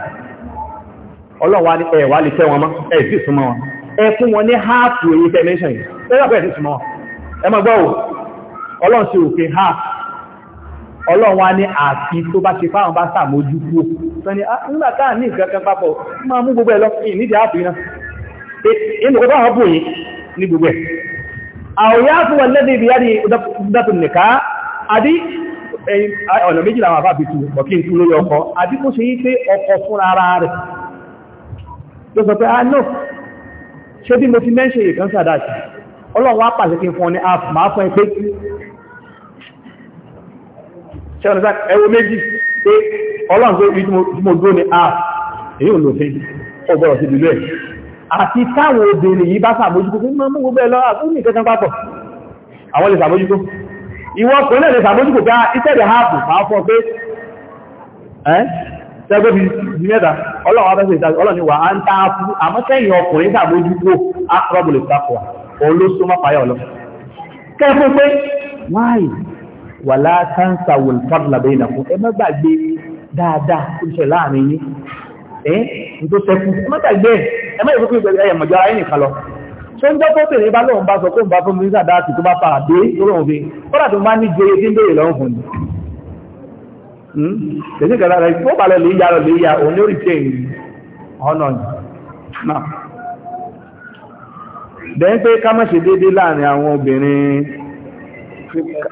ọlọ́run wá ní ẹ̀wà lè fẹ́ wọn mọ́ ẹ̀ sì súnmọ́ wọn ẹ fún wọn ní háàpù èyí tẹ́ẹ̀mẹ́sàn yìí ọlọ́run wá ní àti tó bá ṣe fáwọn bá sàmójú kúrò tó ní nígbà táà ní ìkankan papọ̀ máa mú gbogbo ẹ̀ lọ ìnídìí ààbò iná inú kọ́tọ́ àwọn bòyí ní gbogbo ẹ̀ àwòyá tó wà lẹ́dẹ̀ ibi yádi dátùn nìká àdí ọ̀nà méjì làwọn àbá bìtù ọ̀kí ń tú lórí ọkọ̀ àdí kó ṣe yí pé ọkọ̀ fúnra ara rẹ̀ ah, bí mo ti mẹ́ṣe ìkan sàdáṣì ọlọ́run wá pàṣẹ kí n fún ọ ní app fún ẹ ṣẹ́wọ̀n sáà ẹwọ méjì pé ọlọ́run tó rí tí mo dúró ní àà ah, èyí ò lòfin ọgbọ̀rọ̀ sí ìlú ẹ̀ àti táwọn obìnrin yìí bá sàmójúkú fún mọ́ mú gbogbo ẹ̀ lọ́wọ́ àkókò ah, ní ìkẹ́kẹ́ pápọ̀ àwọn lè sàmójúkú ìwọ ọkùnrin lè sàmójúkú pé ìtẹ́lẹ̀ ah, háàpù máa fọ́ pé ẹ́ tẹ́gbẹ́ bí i mẹ́ta ọlọ́run afẹ́sẹ̀ ìtajà ọlọ́run ni wà á ń ta fún àmọ́ kẹ́yìn ọkùnrin sàmójúkú akọ́bùlẹ̀ sàkọ̀ olóṣùmọ́ payọ̀ lọ kẹ́fún pé Why? wàlá táǹsà wòlùfàdùlà bẹ́ẹ̀ nà fún ẹ má gbàgbé dáadáa tó ń ṣe láàrin yín ẹ n tó sẹkùn ẹ má gbàgbé ẹ má ìfúkú ìgbẹ́ ẹ̀yẹ̀ mọ̀jọ́ ayé nìkan lọ tó ń jọ́ tó tèrè bá lóun bá sọ kó ń bá fún mínísà hmm? dáàtì bẹ́ẹ̀ pé ká má ṣe déédéé láàrin àwọn obìnrin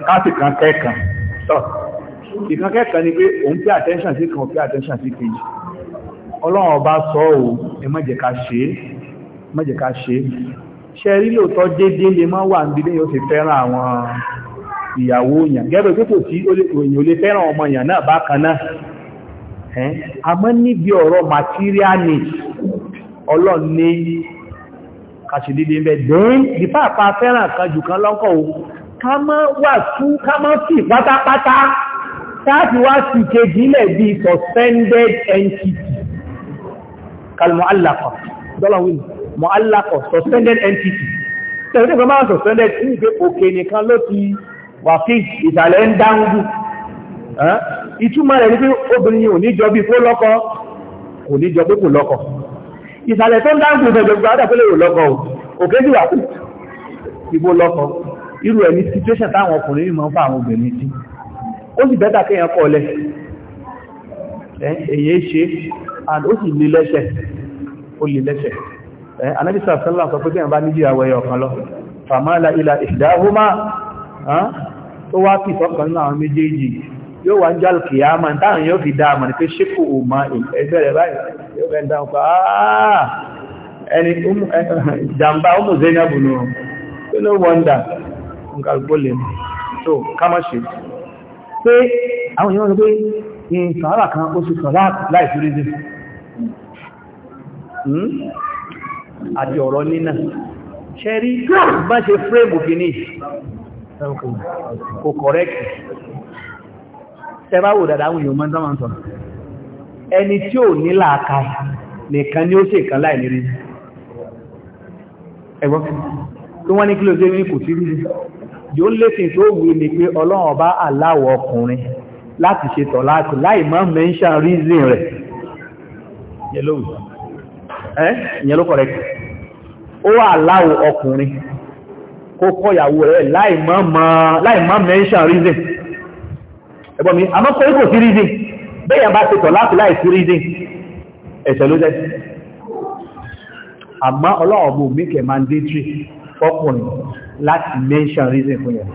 káàtì kan kẹ́ẹ̀kan tọ́ ìkan kẹ́ẹ̀kan ni pé òun pay attention sí kan pay attention sí kejì ọlọ́run ọba sọ ọ́ ẹ má jẹ́ ká ṣe é má jẹ́ ká ṣe é ṣe rí lóòótọ́ déédéé lè má wà níbi lẹ́yìn ó ti fẹ́ràn àwọn ìyàwó èèyàn gẹ́gẹ́ pé kò sí òyìn ò lè fẹ́ràn ọmọ èèyàn náà bákan náà àmọ́ níbi ọ̀rọ̀ material needs ọlọ́run ní kàṣìdídé ń bẹ dẹ́n ìfáàpá fẹ́ràn kan jù kan lọ́kọ̀ọ́ ká má wà tú ká má sì pátápátá káàfi wá sì kejìlẹ̀ bí suspended entity kalmu'allakọ̀ dọ́là wílì mu'allakọ̀ suspended entity tẹ̀wọ́n tẹ́gbọ́n máa suspended ní ìgbé òkè nìkan ló ti wà fi ìsàlẹ̀ ń dáńgù ìtumọ̀ rẹ̀ ní pé obìnrin yìí ò ní jọ bí kó lọ́kọ kò ní jọ pé kò lọ́kọ ìsàlẹ̀ tó ń dáńgù ìfẹ̀jọ̀gbọ̀ irú ẹni situation táwọn ọkùnrin mímọ̀ fún àwọn obìnrin tí ó sì bẹ́ta kéèyàn kọ́ lẹ èyí ṣe and ó sì lè lẹ́ṣẹ̀ ó lè lẹ́ṣẹ̀ anábísà sọ́lá sọ pé kéèyàn bá níbi àwọ̀ ẹyọ kan lọ fàmálà ilà ìdáhùmá tó wá kì sọ́kàn náà méjèèjì yóò wá jálù kìyàmà táwọn yóò fi dáa mọ̀ ní pé ṣépò ò máa ẹgbẹ́ rẹ̀ báyìí yóò bẹ́ẹ̀ dáhùn pa ẹni jàmbá ó mú zẹ́yìn àbùnú no wonder nǹkan lè mú so kámọ́ ṣe pé àwọn èèyàn rẹ̀ pé in hmm, sàárà kan ó sì sọ láìsí rí àti ọ̀rọ̀ nínà ṣẹ́rí bá ṣe fréèmù kìíní kò kọ̀rẹ́kì tẹ́báwò dàdà àwọn èèyàn mọ́ta máa ń sọ ẹni tí ò ní làákà nìkan ni ó ṣe kan láì ní rí ẹgbọ́n tí wọ́n ní kí ló ní kò sí rí the only thing tó wù ní pé ọlọ́run ọba aláwọ̀ ọkùnrin láti ṣe tọ̀ láti láì má mention reason rẹ̀ ìyẹn ló correct ó wà aláwọ̀ ọkùnrin kó kọ́ ìyàwó rẹ̀ láì má mention reason ẹgbọ́n mi àmọ́ pé kò sí reason bẹ́yàn bá ṣe tọ̀ láti láì sí reason ẹ̀ṣẹ̀ ló jẹ́ àmọ́ ọlọ́run ọba ò make mandatory fọ́kùnrin láti mention reason fún yẹn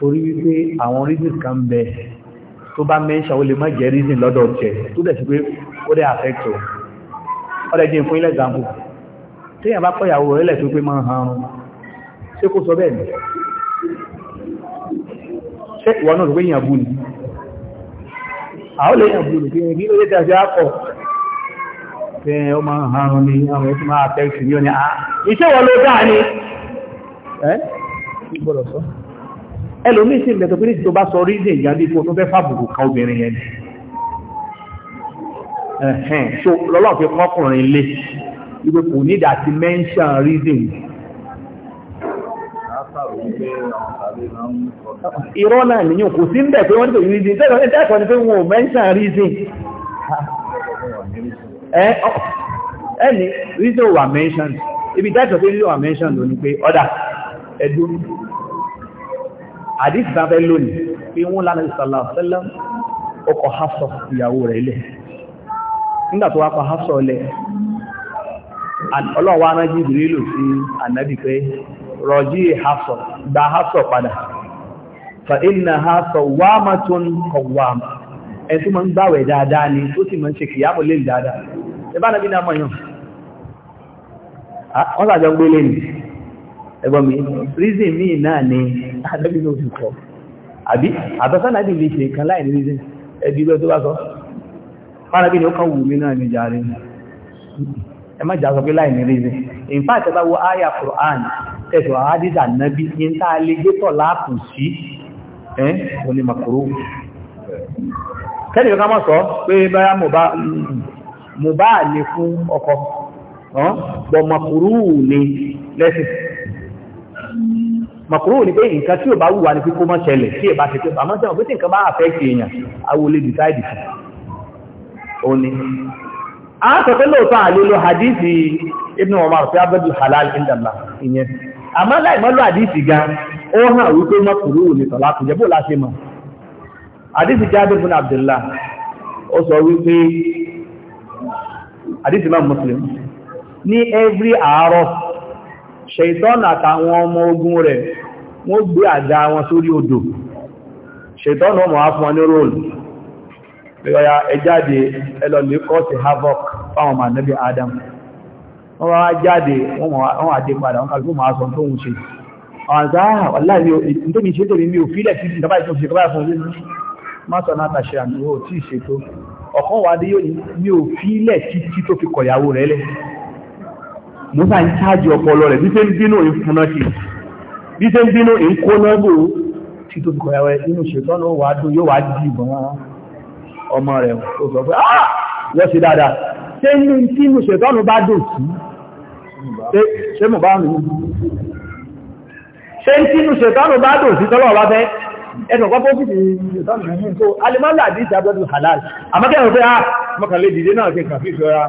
torí wípé àwọn reason kan bẹ tó bá mention ó lè má jẹ́ reason lọ́dọ̀ jẹ tó dẹ̀ sí pé ó dẹ̀ affect o ó dẹ̀ jẹ́ fún ilẹ̀ example téèyàn bá kọ́yàwó rẹ̀ lẹ̀ tó pé máa hàn án ṣé kó sọ bẹ́ẹ̀ ni ṣé ìwọ náà rò pé èèyàn bú ni àwọn lè yàn bú ni kí ni ló dé tàbí àpọ̀ pé ni àwọn èèyàn tó ní à ah, iṣẹ́ wọn ló dáa ni ẹlòmí sí ilẹ̀ tó pé ní ti tó bá sọ rí ní ìyá bí kó tó fẹ́ fàbùkù ka obìnrin yẹn ni ẹ̀hẹ́n so lọ́lọ́ fi kọ́kùnrin lé ibi kò ní ìdá ti mention reason irọ́ náà nìyàn kò sí ń bẹ̀ pé wọ́n ní kò reason tẹ́ẹ̀kọ́ ni pé wọn ò mention reason ẹni reason wà mentioned ibi tẹ́ẹ̀kọ́ reason wà mentioned ló ní order ẹ̀dú àdísì tàbẹ́ lónìí pé wọ́n lánà ìsàlá fẹ́lẹ́ ọkọ̀ hafsọ ìyàwó rẹ̀ ilẹ̀ nígbà tó wákọ̀ hafsọ lẹ ọlọ́wọ́ aná jìbìrì lò sí ànábì pé rọ̀jí hafsọ gba hafsọ padà fa inna hafsọ wámatún kọwàmà ẹ̀sí ma ń gbáwẹ̀ dáadáa ni tó sì ma ń ẹgbọ́n mi reason mi náà ni adábí ló fi kọ́ àbí àtọ́sánàbí lè ṣe kan láì reason ẹbí lọ tó bá sọ fárábí ni ó kàn wù mí náà ní jàre ẹ má jà sọ pé láì ní reason in fact ẹ bá wo aya Quran tẹ̀sọ̀ àádìsà nábí ní tá a lè gbé tọ̀ láàpù lẹ́sìn mọ̀kúrò ní pé nǹkan tí ò bá wùwà ní kíkó mọ́ ṣẹlẹ̀ tí è bá ṣe pé àmọ́ sẹ́wọ̀n pé tí nǹkan bá àfẹ́kì èèyàn awo lè dìtáìdì fún ó ní a sọ pé lóòótọ́ àlélo hadithi Ibn Umar fi abẹ́dù halal indala ìyẹn àmọ́ láì mọ́lú hadithi gan ó hàn wípé mọ̀kúrò ní tọ́lá kò jẹ́ bó la ṣe mọ̀ hadithi Jabir ibn Abdullah ó sọ wípé hadithi Imam Muslim ní every hour ṣètọ́nà àtàwọn ọmọ ogun rẹ̀ wọ́n gbé àga wọn sórí odò ṣètọ́nà ọmọ fún wọn ní róòlù lọ́yà ẹjáde ẹlọ́lẹ̀ kọ́ọ̀tì havoc fáwọn mànẹ́bí adam wọ́n wá jáde wọ́n àdé padà wọ́n kàgbó máa sọ tó ń ṣe àwọn àzáà wàláàrí tó mi ṣe tèmi mi ò fílẹ̀ sí ìjọba ìfún ṣe kọ́bá ìfún nínú mọ́sàn náà tàṣẹ àmì ò tí ì ṣètò ọ̀kan wà dé yóò mi ò fílẹ̀ títí tó fi kọ̀yàwó rẹ̀ lẹ̀ mo sá ń ṣáàjì ọpọlọ rẹ̀ bí tẹ́ bínú ìfúnná kìí bí ṣe ń bínú ìkó lọ́gbò tí tó fi kọ̀yàwó inú ṣètọ́nù wà dùn yóò wá dì ìbọn ọmọ rẹ̀ ó sọ pé ah yọ́ sí dáadáa ṣe ní tí inú ṣètọ́nù bá dùn sí ṣe mọ̀ bá mi ṣe tí inú ṣètọ́nù bá dùn sí tọ́lọ̀ bá fẹ́ ẹnu ọ̀pọ̀ fófìsì ṣètọ́nù ẹ̀yìn tó alimọ́lá àdí ìṣàbẹ̀dù halal ah mọ́kànlẹ́ dìde náà ṣe kàfíìsì ọ̀rá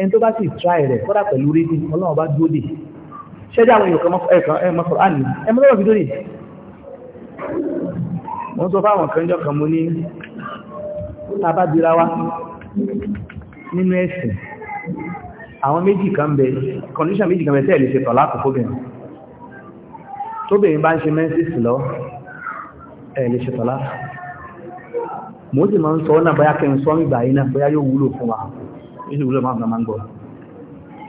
ẹni tó bá sì tráì rẹ̀ kọ́dà pẹ̀lú rídí ọlọ́run ṣẹ́dí àwọn èèyàn kan ẹ̀mọ́ Kùránì ẹmọ́ lọ́rọ̀ fídó rí wọ́n tó fáwọn kẹjọ kan mú ní tàbábírawa nínú ẹ̀sìn àwọn méjì kan bẹ kọndíṣà méjì kan bẹ tẹ́ẹ̀lẹ́ ṣe tọ̀lá àkókò bẹ̀rẹ̀ tó bẹ̀rẹ̀ bá ń ṣe mẹ́sìsì lọ ẹ̀lẹ́ ṣe tọ̀lá mo sì máa ń sọ ọ́nà báyá kẹ́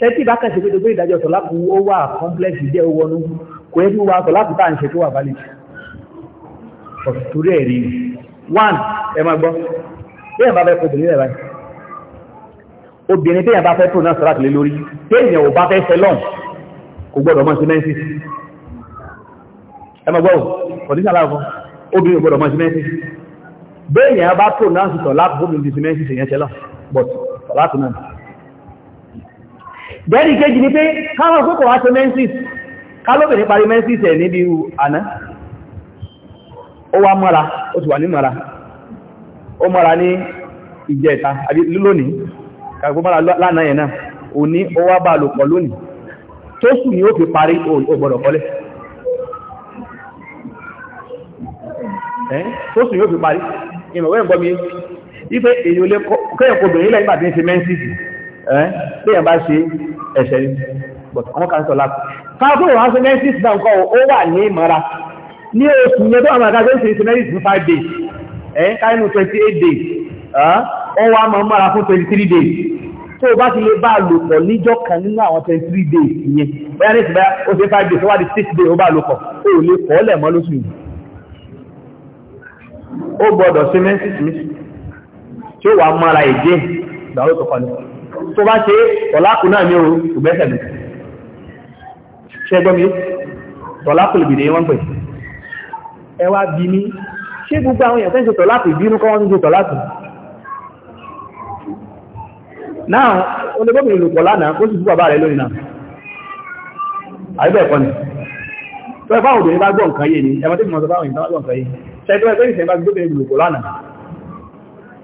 ṣe tí ìbá kẹsì pé ìdájọ́ tọ́lápù ó wà complex jẹ́ owónú kò yẹ kí wà tọ́lápù tàà ń ṣe tó wà valid torí ẹ̀rí one ẹ máa gbọ́ bí ẹ̀bá fẹ́ kọjọ nílẹ̀ báyìí obìnrin tí ẹ̀bá fẹ́ tó náà sọ́lápù lé lórí tí èèyàn ò bá fẹ́ fẹ́ lọ́n kò gbọ́dọ̀ mọ́ sí mẹ́sìs ẹ máa gbọ́ kọ̀díṣà láàfọ́ obìnrin gbọ́dọ̀ mọ́ sí mẹ́sìs bẹ́ẹ̀ yẹn bá tó náà sọ́lápù gómìnà sí mẹ́sìs èèyàn ṣẹlọ́ but dẹ́rì kejì ní pé káwọn kókò wá ṣe mensis kálóbìnrin parí mensis ẹ̀ níbi àná ó wá mọ́ra ó ti wà ní mọ́ra ó mọ́ra ní ìjẹta lónìí kàgbó mọ́ra lánàá yẹn náà òní ó wá bá lò pọ̀ lónìí tó sù ní ó fi parí ó gbọ́dọ̀ ẹ́n léèyàn bá ṣe ẹ̀ṣẹ̀ ni but àwọn kan sọ lápò káàkiri wọn ṣe nẹ́ẹ̀sìs náà kọ́ ó wà ní ìmọ̀ra ní oṣù yẹn tó àmàlà tó ṣe ṣe nẹ́ẹ̀sìs ní five days ẹ̀ káyínú twenty eight days ọ wà máa mọ́ra fún twenty three days tó o bá ti lè bá a lò pọ̀ níjọ́ kan nínú àwọn twenty three days yẹn bóyá ní ìsìnbá ó a lò pọ̀ ó ò lè pọ̀ lẹ̀ mọ́ lóṣù yìí ó gbọ́dọ̀ ṣe nẹ́ẹ̀sìs mi tí ó wà mọ́ra èdè ìgbà ó tó tó bá ṣe tọ̀láàkù náà ní oòrùn ìgbẹ́sẹ̀lẹ̀ ṣẹgbọ́n mi tọ̀láàkù lè bìdẹ̀ wọ́n pẹ̀ ẹ wá bí ní ṣé gbogbo àwọn èèyàn fẹ́ ṣe tọ̀láàkù ìbínú kọ́ wọ́n ṣe tọ̀láàkù náà olóbóbìnrin lò pọ̀ lánàá ó sì bú bàbá rẹ̀ lónìí náà àríbẹ̀ ẹ̀kọ́ ni tó ẹ̀fà òbìnrin bá gbọ́ nǹkan yé ni ẹmọ tí mo sọ báwọn ìtàn bá gbọ́ nǹkan yé ṣẹ́gbẹ́ ẹgbẹ́ ìṣẹ́ bá gbóbìnrin lò lánàá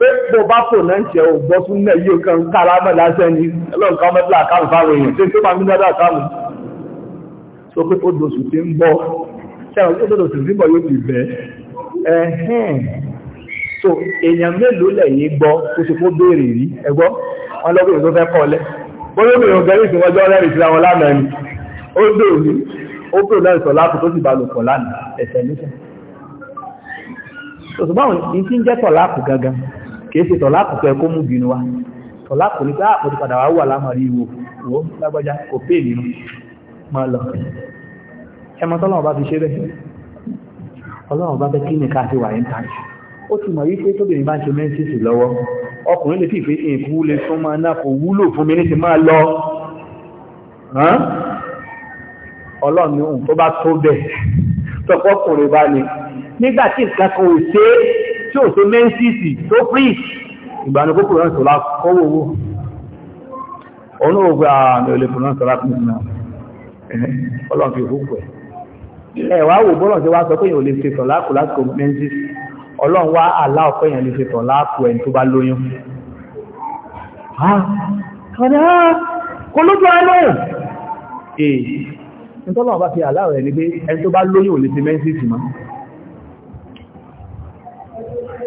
pé bó bá pò náà ń ṣe ògbọ́ fún náà yíò kan kára mọ́lá sẹ́ni ẹlọ́nkà mẹ́tìlá àkáàmù fáwọn èèyàn ó dá àkáàmù sọ pé ó dòṣù tí ń bọ̀ ṣẹ́wọ̀n tó dòṣù tí ń bọ̀ yóò ti bẹ̀ ẹ̀hẹ́n so èèyàn mélòó lẹ́yìn gbọ́ tó ṣe kó béèrè rí ẹgbọ́ wọn lọ́gbẹ̀rẹ̀ tó fẹ́ kọ́lẹ̀ bóyá mi ò gẹ́rì tí wọ́n jọ rẹ́rì sí àwọn lánàá ni ó dòrò ní ó pè lẹ́rì sọ láàpù tó sì bá lòpọ̀ lánàá ẹ̀sẹ̀ níṣẹ́ òṣùgbọ́n ní tí ń jẹ́ tọ̀ láàpù gangan kìí ṣe tọ̀láàkù pẹ̀ kó mú bínú wa tọ̀láàkù ní pé àpò ah, ti padà wà wà lámàrí ìwò wọ́n lágbájá kò pè nínú máa lọ ẹmọ tọ́lọ́wọ́ bá fi ṣe bẹ́ ọlọ́wọ́ bá fẹ́ kí ní ká fi wà ní tàbí ó ti mọ̀ wípé tóbìnrin bá ń ṣe mẹ́sìsì lọ́wọ́ ọkùnrin lè fi ìfẹ́ ìkú lè fún máa náà kò wúlò fún mi ní ti máa lọ ọlọ́run tí ò tó mẹ́sìsì tó frí ìgbànikókò rẹ̀ sọ lákọwọ́ owó ọ̀nà ògbà àmì olè fún náà ọlọ́run fi hùkù ẹ̀ wá wò bọ́lọ̀ tí wá sọ pé èèyàn lè ṣe tọ̀láàkù lásìkò mẹ́sìsì ọlọ́run wá àlá ọ̀pọ̀ èèyàn lè ṣe tọ̀láàkù ẹni tó bá lóyún kò lójú alẹ́ ẹ̀ ní tọ́lọ́run bá fi àlá rẹ̀ ní pé ẹni tó bá lóyún ò lè ṣe mẹ́sìsì mọ́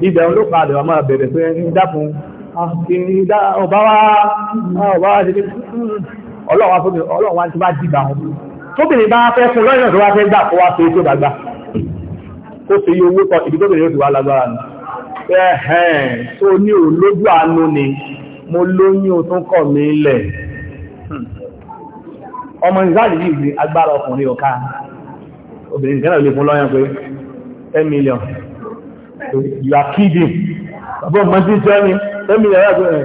ibẹ̀ ló padà wà máa bẹ̀rẹ̀ pé ń dákun ọba wá ṣe ní ọlọ́wà fún mi ọlọ́wà tí bá dìgbà ọmọ tóbìnrin bá fẹ́ fún lọ́yìn tó wá fẹ́ gbà kó wá fẹ́ tó bàgbà kó fi owó tọ ìbí tóbìnrin ó ti wá lágbára nù ẹ̀hẹ́n tó ní olójú àánú ni mo o tún kọ̀ mí lẹ̀ ọmọ ìzáàlì yìí agbára ọkùnrin ọ̀ka obìnrin kẹ́lẹ̀ lè you are kidding ọgbọ́ mọ́ sí sẹ́mi sẹ́mi rẹ̀ rẹ̀ rẹ̀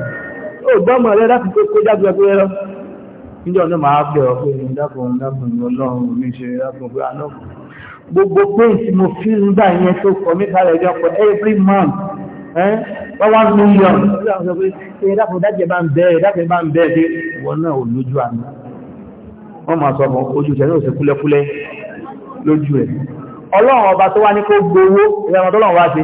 ó gbọ́mọ̀ rẹ̀ láti tó kó jáde ẹgbẹ́ rẹ̀ níjọ́ náà máa pẹ̀ ọ́ pé dákùn dákùn ọlọ́run mi ṣe dákùn pé àná gbogbo pé tí mo fi ń gbà yẹn tó kọ mí kárẹ̀ ẹjọ́ pọ̀ every month wọ́n wá million ṣe dákùn dájẹ́ bá ń bẹ́ẹ̀ dákùn bá ń bẹ́ẹ̀ pé ìwọ náà ò lójú àná wọ́n máa sọ ọmọ ojú ìṣẹ́ náà ṣe kúlẹ́kúlẹ́ lójú ẹ̀ ọlọ́run ọba tó wá ní kó gbowó ìyàmọ̀ tó lọ́run wá ṣe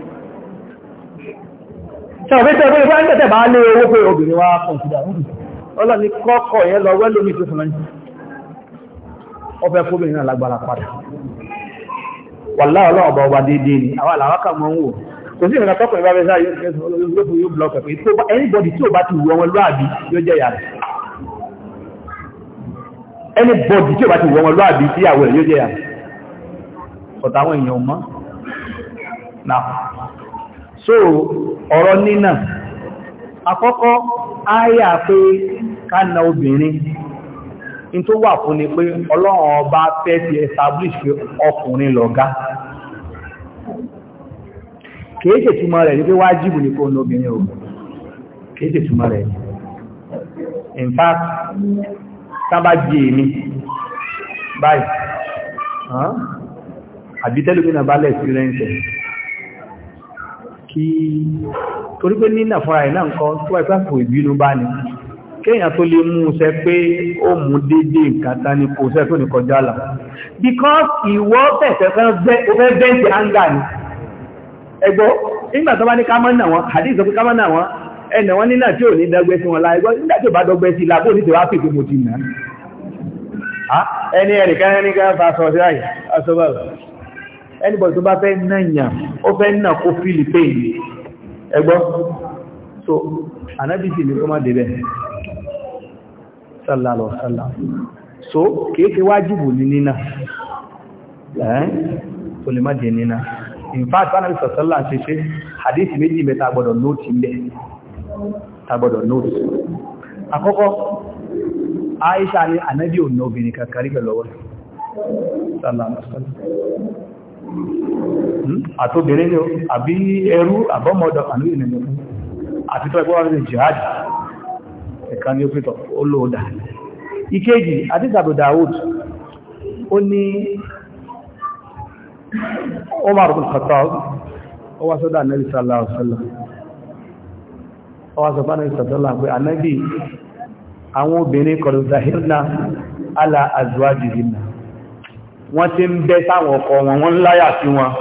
ṣàwọn tẹ́ bóyá ń tẹ́tẹ́ bá lé owó pé obìnrin wa kàn sí dàrú ọlọ́ni kọ́kọ́ yẹn lọ wẹ́ lómi tó fún ẹni ọfẹ́ fóbìnrin náà lágbára padà wàlá ọlọ́ọ̀bọ̀ ọba déédéé ni àwọn àlàáká mọ́ anybody tí ò bá ti wù ọmọ lóàbí yóò anybody tí ò bá ti wù ọmọ lóàbí sí àwọ̀ rẹ̀ yóò jẹ́ yàrá ọ̀tàwọn èèyàn so ọ̀rọ̀ nínà àkọ́kọ́ áyà pé ká obìnrin in tó wà fún ni pé ọba fẹ́ ti establish pé ọkùnrin lọ kìí ṣe rẹ̀ ní pé wájìbù ní kó lóbìnrin o kìí ṣe rẹ̀ in fact sábà jí èmi báyìí kí torí pé nínà fúnra ẹ̀ náà kọ́ tó wáyé pàpò ìbínú bá ní kéèyàn tó lè mú ṣe pé ó mú dédé nǹkan tá ní kò ṣe tó ní kọjá là because ìwọ fẹ̀fẹ̀ fẹ́ bẹ́ǹtì áńgà ni ẹgbọ́ nígbà tó bá ní kámọ́ náà wọn àdí ìsọ pé kámọ́ náà wọn ẹnà wọn nínà tí ò ní dọ́gbẹ́ sí wọn láì gbọ́ nígbà tí ò bá dọ́gbẹ́ sí lábó ní tèwá pèpè mo ti nà ah, ẹni ẹnìkan ẹnìkan fa sọ sí àyè asọ́bàbà anybody tó bá fẹ́ náyà ó fẹ́ náà kó fílì pain ẹgbọ́ so anábìsì ní kó má débẹ̀ sallálọ̀ sallá so kéèké wájìbù ní nínà ẹ́ tó lè má dé nínà in fact anábì sọ̀sọ́lá ṣe ṣe hadith méjì mẹ́ta gbọ́dọ̀ nóòtì ilẹ̀ tagbọ́dọ̀ nóòtì àkọ́kọ́ Aisha ni anábì ò náà obìnrin kankan rí pẹ̀lọ́wọ́ sallallahu Hmm? àtòbìnrin ni ó àbí ẹrú àbọ́mọ̀dọ̀ àmì ìrìnlẹ̀ fún àti tó jihadi ẹ̀kan ní ó ní ó wá sọ́dọ̀ Ànábì sallallahu alaihi wasallam ó wá sọ fún Ànábì sallallahu obere ala wọ́n ti ń bẹ́ sáwọn ọkọ wọn wọ́n láyà sí wọn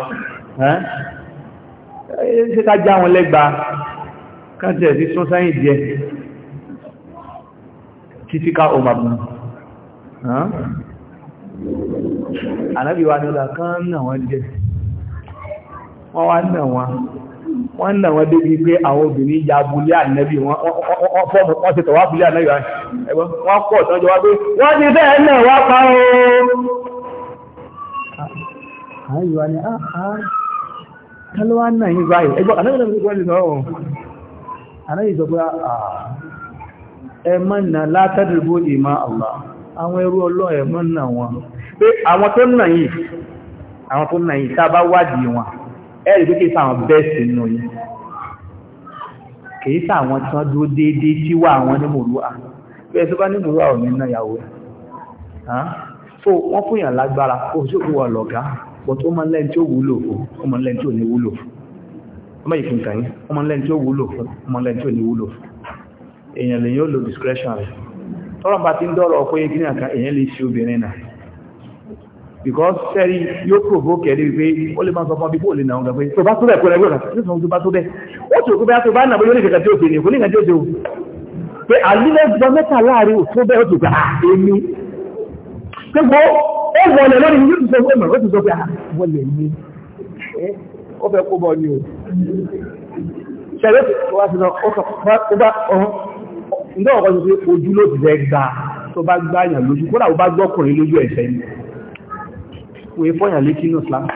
ṣe ká já wọn lẹ́gba kájẹ̀ sí sún sẹ́yìn díẹ̀ títí ká ọmọ bùn ànábíwá ní ọlá kan náà wọ́n jẹ́ wọ́n wá náà wọn wọ́n náà wọ́n débi pé àwọn obìnrin ya abúlé ànábí wọ́n fọ́ọ̀mù wọ́n ti tọ̀wá abúlé ànábí wọ́n pọ̀ tọ́jọ́ wá pé wọ́n ti bẹ́ẹ̀ náà wá pa ooo ààyè wa ni àhá ah, kálọ́wà náà yìí báyìí ẹgbọ́n anáyìí náà gbọ́dọ̀ náà ọ̀ anáyìí sọ pé ah, ẹ má nà látàdìbò ìmá Allah àwọn ẹrú ọlọ́ọ̀ ẹ má nà wọn pé àwọn tó nà yìí àwọn tó nà yìí tá a bá wádìí wọn ẹ rí pé kí sáwọn bẹ́ẹ̀ sí nù yìí kì í sáwọn tí wọ́n dúró déédéé tí wà àwọn ní mòrúwà bẹ́ẹ̀ tó bá ní mòrúwà ò ní náà so wọ́n fún yàn lágbára kó o ṣòkú wọ lọ́gàá But ó máa lẹ́n tí ó wúlò fún ó máa lẹ́n tí ò ní wúlò fún ọmọ ìfún kàyí ó máa lẹ́n tí ó wúlò fún ó máa lẹ́n tí ò ní wúlò fún èèyàn lè yóò lo discretion rẹ̀ tọ́rọ̀ bá ti ń dọ́rọ̀ ọkọ̀ yẹn kí nìkan èèyàn lè ṣe obìnrin náà because sẹ́rí yóò provoke ẹ̀rí wípé ó lè máa sọ fún ọbí bóòlì náà gbà pé tó bá tó bẹ̀ kúrẹ́ gbọ́dọ̀ tó sọ tó bá tó bẹ̀ ó tó kó bẹ́ẹ̀ tó bá nàbó yóò ó wọlé lórí ní ìdíje fún ìmọ̀ ó ti sọ pé ah, wọlé ní ó fẹ́ kó bọ́ ni o ṣẹlẹ̀ tó wá sí lọ ó sọ ó bá ọ̀hún ǹjẹ́ ọ̀kan sọ pé ojú ló ti fẹ́ gbà tó bá gbá yàn lójú kódà ó bá gbọ́kùnrin lójú ẹ̀fẹ́ ni kò é fọ́yàn létí ní ìsìlámù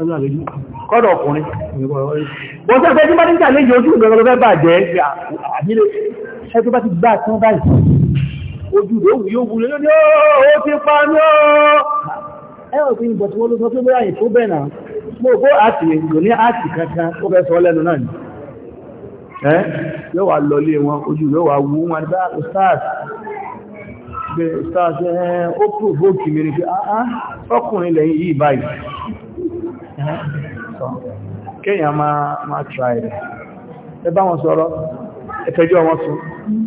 ọjọ́ àlejò kọ́dọ̀ ọkùnrin wọ́n tẹ́ fẹ́ tí bá ní ìjà lẹ́yìn ojú ìgbẹ̀rẹ̀ lọ́fẹ́ bàjẹ́ àbílẹ̀ ṣẹ́ bá ti gbá tí wọ́n báyìí ojú rẹ̀ yóò wúlé lónìí ó ti pa ní ọ́ ẹwọ̀n pé ìbọ̀ tí wọ́n ló sọ pé bóyá ètò bẹ̀ náà mo kó àti èdò ní àti kankan ó fẹ́ sọ lẹ́nu náà ni ẹ́ yóò wá lọlé wọn ojú rẹ̀ wú wọn bá stars wọn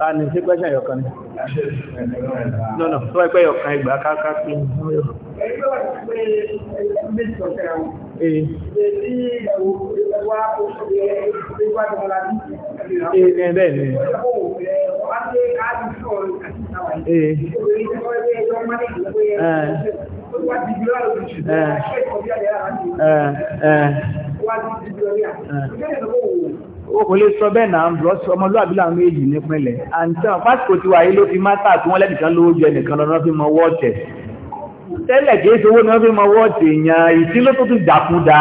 A ní sí pẹ́ṣẹ̀ ẹ̀yọ̀kan ni. No, no, tó ẹgbẹ́ ẹ̀yọ̀kan ìgbà káká pín ní ọ̀yọ̀. Ẹgbẹ́ wà pé méjì ọ̀kẹ́ àwọn. Èé. Èé ìwà òṣèrè wá tó ṣe o kò lè sọ bẹ́ẹ̀ náà bọ́ ọmọlúwàbí làwọn méjì nípínlẹ̀ àǹtí àwọn uh, pásítọ̀ ti wà yí ló fi mátà tí wọ́n lẹ́nìkan ló jẹ nìkan lọ́nà fi mọ wọ́ọ̀tẹ̀ tẹ́lẹ̀ kìí ṣe owó ni wọ́n fi mọ wọ́ọ̀tẹ̀ èèyàn ìtí ló tó tún dàkúdà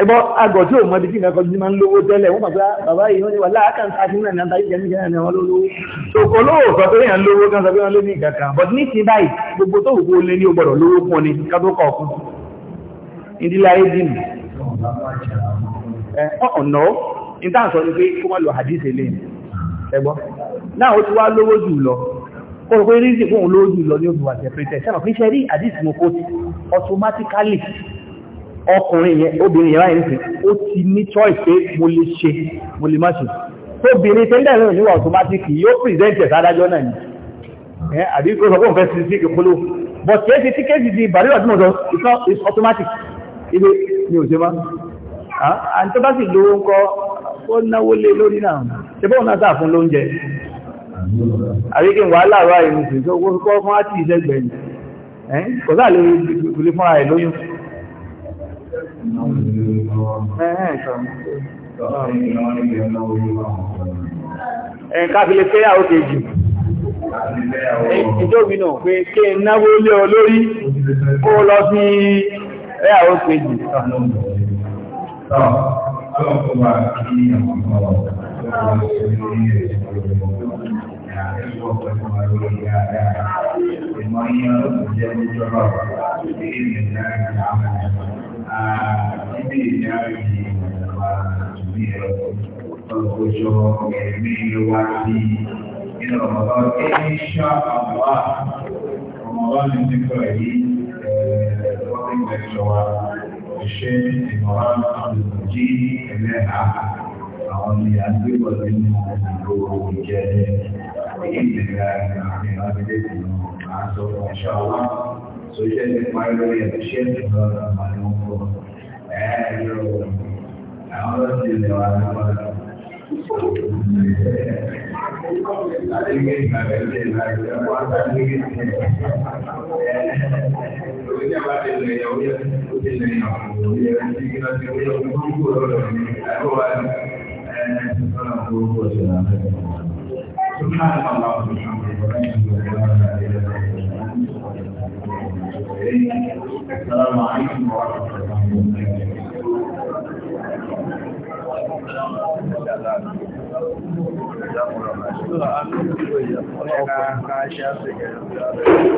ẹgbọ́ àgọ̀ tí òun mọ́bí tí ìrìnàkọ́ jí máa ń lówó tẹ́lẹ̀ wọ́n pàpá ah, bàbá yìí wọ́n ni wà láàkàn sáà sínú ẹ̀nà tàbí jẹ́mí jẹ́mí ẹ̀wọ̀n lówó ṣòkò lóòótọ́ tó yàn lówó kan sọ pé wọ́n ló ní ìgbà kan but ní ti báyìí gbogbo tó wù lé ní o lówó fún ọ ní kátó kọ̀ fún ìdílé ayé dìnnì ọ̀nà ni pé kó má lọ àdíṣe lé ẹgbọ́ náà ó ti wá lówó jù lọ kó rò pé rízì fóun lówó jù lọ ní òbí wà tẹ̀ pé tẹ̀ sẹ́nà fi ṣe rí àdíṣe mo kó automatically ọkùnrin yẹn obìnrin yẹn láìrísì ó ti ní choice pé mo lè ṣe mo lè má ṣe obìnrin tẹ́lẹ̀ náà níwà automatic yóò present ẹ̀ sádájọ́ náà ni àbí kó sọ pé òun fẹ́ sí sí ìpolówó but kéèsì tí kéèsì di ìbàrí ọdún ọ̀dọ́ it's automatic ilé ni ò ṣe má and tó bá sì lówó ń kọ́ ó náwó lé lórí náà ṣe bóun náà sáà fún lóúnjẹ àbí kí n wà láàárọ̀ àìmùsùn tó kọ́ fún á ìṣẹ́gbẹ̀ẹ́ kò sáà lè fúnra ẹ̀ lóyún Ẹ̀kàfilé fẹ́yàwó kejì. Ìjọ́bí náà pé kí náwó lé olórí lọ sí níbi ìdáríjì ìwà àtúnbí ẹ̀ ọgbọ́jọ́ ẹ̀mí wá sí inú ọ̀gá ìṣá àwọ̀ ọmọ bá mi ti pọ̀ yìí ẹ̀ẹ́dọ́gbọ̀n lẹ́kṣọ̀ wa ṣe ìmọ̀ràn àdùnkùnjí ẹlẹ́ha àwọn ni a gbé bọ̀ nínú ìlú ìjẹ́ èyí ìlera ìrìnàmì àbílẹ̀ ìlú àtọ̀ ìṣá wa sọ́jẹ́ nípa ìlú ẹ̀ ṣe ìmọ̀ràn àdùnkùnjí ẹ yóò àwọn ló ti lè wà lọ́wọ́ lọ. Adéke ìgbàgbé lè la ìjọ wá sáyé ní ẹ̀ òwe ní àbá ti lè yọ wíyọ ó ti lè yọ òwe rẹ̀ ti kí lọ sí wíyọ fún kúkú lọ́dọ̀ ní ẹ̀kọ́ wa ní ẹ̀ sọ́nà fún kúkú ọ̀sẹ̀ náà fẹ́. Súnmọ́ àwọn ọmọ àwọn ọmọ ọmọ ọmọ ọmọ السلام عليكم ورحمة الله وبركاته da za a za mu rama shi a an kuma ya fara ka sha su